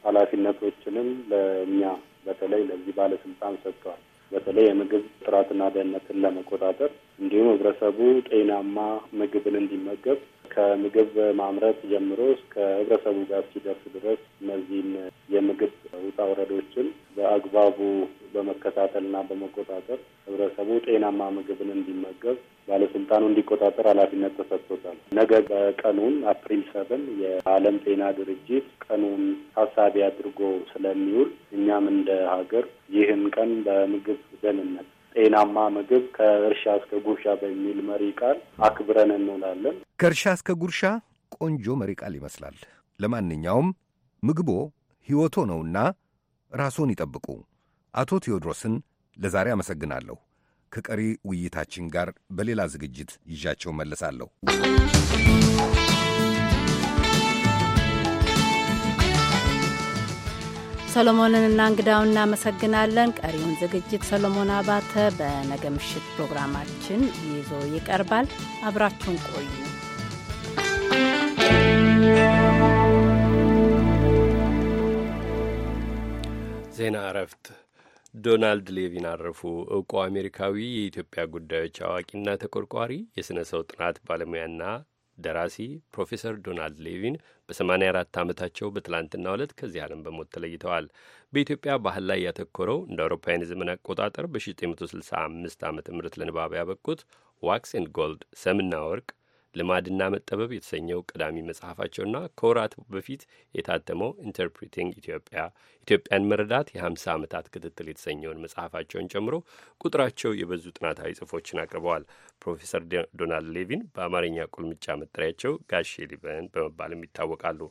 ኃላፊነቶችንም ለእኛ በተለይ ለዚህ ባለስልጣን ሰጥቷል። በተለይ የምግብ ጥራትና ደህንነትን ለመቆጣጠር እንዲሁም ህብረተሰቡ ጤናማ ምግብን እንዲመገብ ከምግብ ማምረት ጀምሮ እስከ ህብረተሰቡ ጋር ሲደርስ ድረስ እነዚህን የምግብ ውጣ ውረዶችን በአግባቡ በመከታተልና በመቆጣጠር ህብረተሰቡ ጤናማ ምግብን እንዲመገብ ባለስልጣኑ እንዲቆጣጠር ኃላፊነት ተሰጥቶታል። ነገ በቀኑን አፕሪል ሰብን የዓለም ጤና ድርጅት ቀኑን ታሳቢ አድርጎ ስለሚውል እኛም እንደ ሀገር ይህን ቀን በምግብ ደህንነት ጤናማ ምግብ ከእርሻ እስከ ጉርሻ በሚል መሪ ቃል አክብረን እንውላለን። ከእርሻ እስከ ጉርሻ ቆንጆ መሪ ቃል ይመስላል። ለማንኛውም ምግቦ ሕይወቶ ነውና ራስዎን ይጠብቁ። አቶ ቴዎድሮስን ለዛሬ አመሰግናለሁ። ከቀሪ ውይይታችን ጋር በሌላ ዝግጅት ይዣቸው መለሳለሁ። ሰሎሞንንና እንግዳውን እናመሰግናለን። ቀሪውን ዝግጅት ሰሎሞን አባተ በነገ ምሽት ፕሮግራማችን ይዞ ይቀርባል። አብራችሁን ቆዩ። ዜና እረፍት ዶናልድ ሌቪን አረፉ። እውቁ አሜሪካዊ የኢትዮጵያ ጉዳዮች አዋቂና ተቆርቋሪ የሥነ ሰው ጥናት ባለሙያና ደራሲ ፕሮፌሰር ዶናልድ ሌቪን በ84 ዓመታቸው በትላንትና ዕለት ከዚህ ዓለም በሞት ተለይተዋል። በኢትዮጵያ ባህል ላይ ያተኮረው እንደ አውሮፓውያን የዘመን አቆጣጠር በ1965 ዓ ም ለንባብ ያበቁት ዋክስ ኤንድ ጎልድ ሰምና ወርቅ ልማድና መጠበብ የተሰኘው ቀዳሚ መጽሐፋቸውና ከወራት በፊት የታተመው ኢንተርፕሪቲንግ ኢትዮጵያ ኢትዮጵያን መረዳት የ50 ዓመታት ክትትል የተሰኘውን መጽሐፋቸውን ጨምሮ ቁጥራቸው የበዙ ጥናታዊ ጽሑፎችን አቅርበዋል። ፕሮፌሰር ዶናልድ ሌቪን በአማርኛ ቁልምጫ መጠሪያቸው ጋሼ ሊበን በመባልም ይታወቃሉ።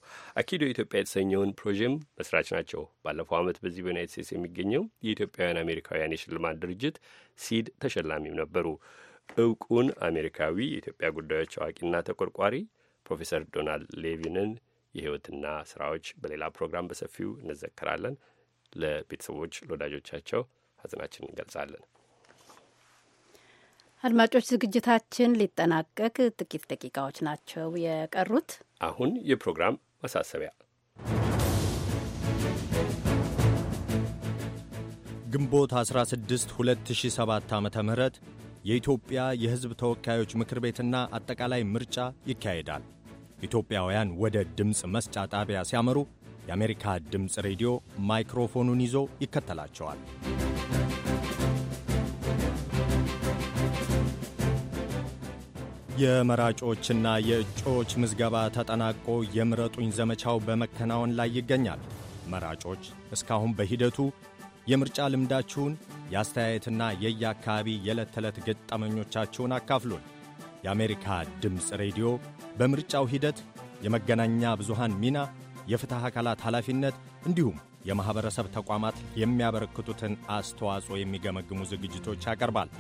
አኪዶ ኢትዮጵያ የተሰኘውን ፕሮጀም መስራች ናቸው። ባለፈው ዓመት በዚህ በዩናይት ስቴትስ የሚገኘው የኢትዮጵያውያን አሜሪካውያን የሽልማት ድርጅት ሲድ ተሸላሚም ነበሩ። እውቁን አሜሪካዊ የኢትዮጵያ ጉዳዮች አዋቂና ተቆርቋሪ ፕሮፌሰር ዶናልድ ሌቪንን የህይወትና ስራዎች በሌላ ፕሮግራም በሰፊው እንዘከራለን። ለቤተሰቦች ለወዳጆቻቸው ሐዘናችን እንገልጻለን። አድማጮች፣ ዝግጅታችን ሊጠናቀቅ ጥቂት ደቂቃዎች ናቸው የቀሩት። አሁን የፕሮግራም ማሳሰቢያ ግንቦት 16 2007 ዓ ም የኢትዮጵያ የሕዝብ ተወካዮች ምክር ቤትና አጠቃላይ ምርጫ ይካሄዳል። ኢትዮጵያውያን ወደ ድምፅ መስጫ ጣቢያ ሲያመሩ የአሜሪካ ድምፅ ሬዲዮ ማይክሮፎኑን ይዞ ይከተላቸዋል። የመራጮችና የእጩዎች ምዝገባ ተጠናቆ የምረጡኝ ዘመቻው በመከናወን ላይ ይገኛል። መራጮች እስካሁን በሂደቱ የምርጫ ልምዳችሁን የአስተያየትና የየአካባቢ የዕለት ተዕለት ገጠመኞቻችሁን አካፍሉን። የአሜሪካ ድምፅ ሬዲዮ በምርጫው ሂደት የመገናኛ ብዙሃን ሚና፣ የፍትሕ አካላት ኃላፊነት እንዲሁም የማኅበረሰብ ተቋማት የሚያበረክቱትን አስተዋጽኦ የሚገመግሙ ዝግጅቶች ያቀርባል።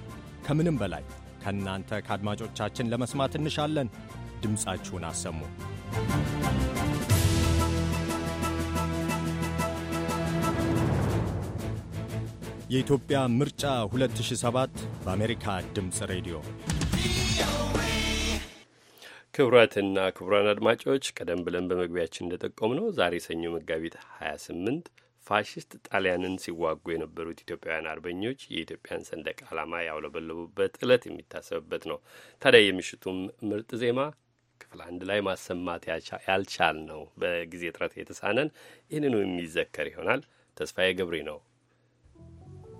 ከምንም በላይ ከእናንተ ከአድማጮቻችን ለመስማት እንሻለን። ድምፃችሁን አሰሙ። የኢትዮጵያ ምርጫ 2007 በአሜሪካ ድምፅ ሬዲዮ። ክቡራትና ክቡራን አድማጮች ቀደም ብለን በመግቢያችን እንደጠቆም ነው ዛሬ ሰኞ መጋቢት 28 ፋሽስት ጣሊያንን ሲዋጉ የነበሩት ኢትዮጵያውያን አርበኞች የኢትዮጵያን ሰንደቅ ዓላማ ያውለበለቡበት ዕለት የሚታሰብበት ነው። ታዲያ የምሽቱም ምርጥ ዜማ ክፍል አንድ ላይ ማሰማት ያልቻል ነው በጊዜ እጥረት የተሳነን ይህንኑ የሚዘከር ይሆናል። ተስፋዬ ገብሬ ነው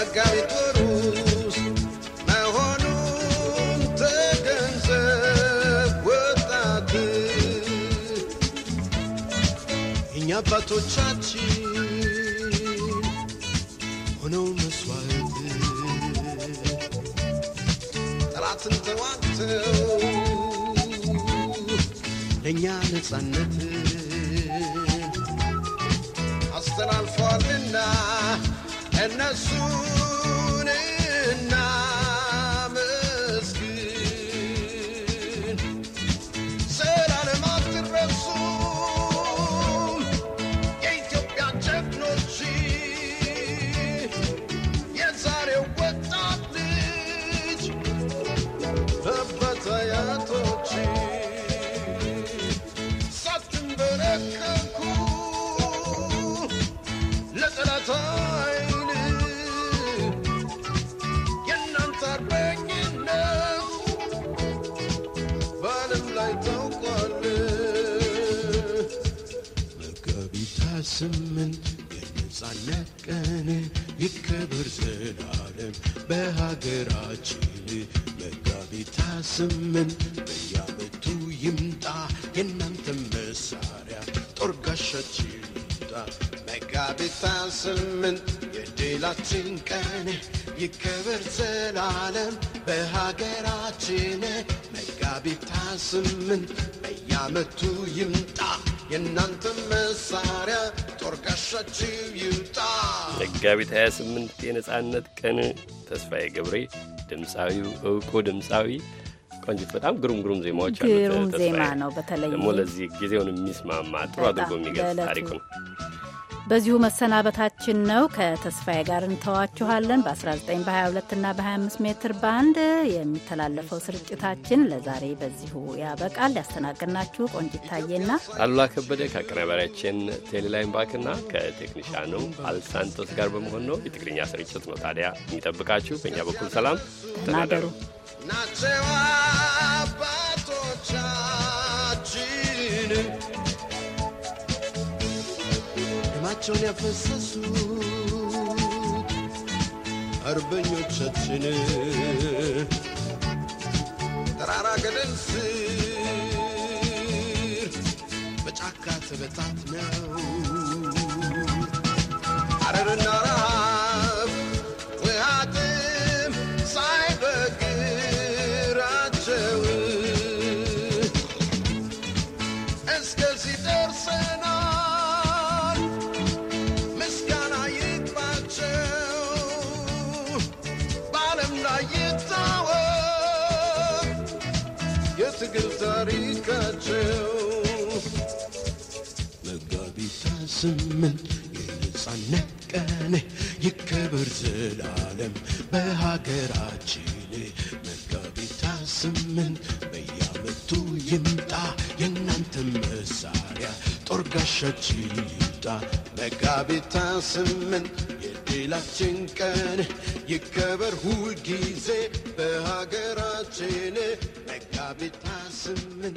መጋቢት ወር ውስጥ መሆኑን ተገንዘብ ወጣት። እኛ አባቶቻችን ሆነው መስዋዕት ጠላትን ተዋግተው ለእኛ ነፃነት አስተላልፈዋልና and as soon as ይከበር ዘላለም በሀገራችን መጋቢት ስምን በየዓመቱ ይምጣ የእናንተን መሳሪያ ጦር ጋሻችን ይምጣ መጋቢት ስምን የድላችን ቀን ይከበር ዘላለም በሀገራችን መጋቢት ስምን በያመቱ ይምጣ የእናንተን መሳሪያ መጋቢት 28 የነጻነት ቀን ተስፋዬ ገብሬ ድምፃዊው እውቁ ድምፃዊ ቆንጂት በጣም ግሩም ግሩም ዜማዎች አሉት። ግሩም ዜማ ነው። በተለይ ደግሞ ለዚህ ጊዜውን የሚስማማ ጥሩ አድርጎ የሚገልጽ ታሪኩ ነው። በዚሁ መሰናበታችን ነው። ከተስፋዬ ጋር እንተዋችኋለን። በ19 በ22 እና በ25 ሜትር ባንድ የሚተላለፈው ስርጭታችን ለዛሬ በዚሁ ያበቃል። ያስተናግድናችሁ ቆንጂት ታዬና አሉላ ከበደ ከአቀናባሪያችን ቴሌላይም ባክና ከቴክኒሻኑ አልሳንቶስ ጋር በመሆን ነው። የትግርኛ ስርጭት ነው ታዲያ የሚጠብቃችሁ። በእኛ በኩል ሰላም ተናደሩ ናቸው አባቶቻችን ደማቸውን ያፈሰሱት አርበኞቻችን ተራራ ገደል ስር በጫካ ተበታትነው አረርና ረሃ ስምን የነጻነት ቀን ይከበር ዘላለም በሀገራችን መጋቢት ስምን በየአመቱ ይምጣ የእናንተ መሳሪያ ጦር ጋሻች ይምጣ መጋቢት ስምን የድላችን ቀን ይከበር ሁል ጊዜ በሀገራችን መጋቢት ስምን!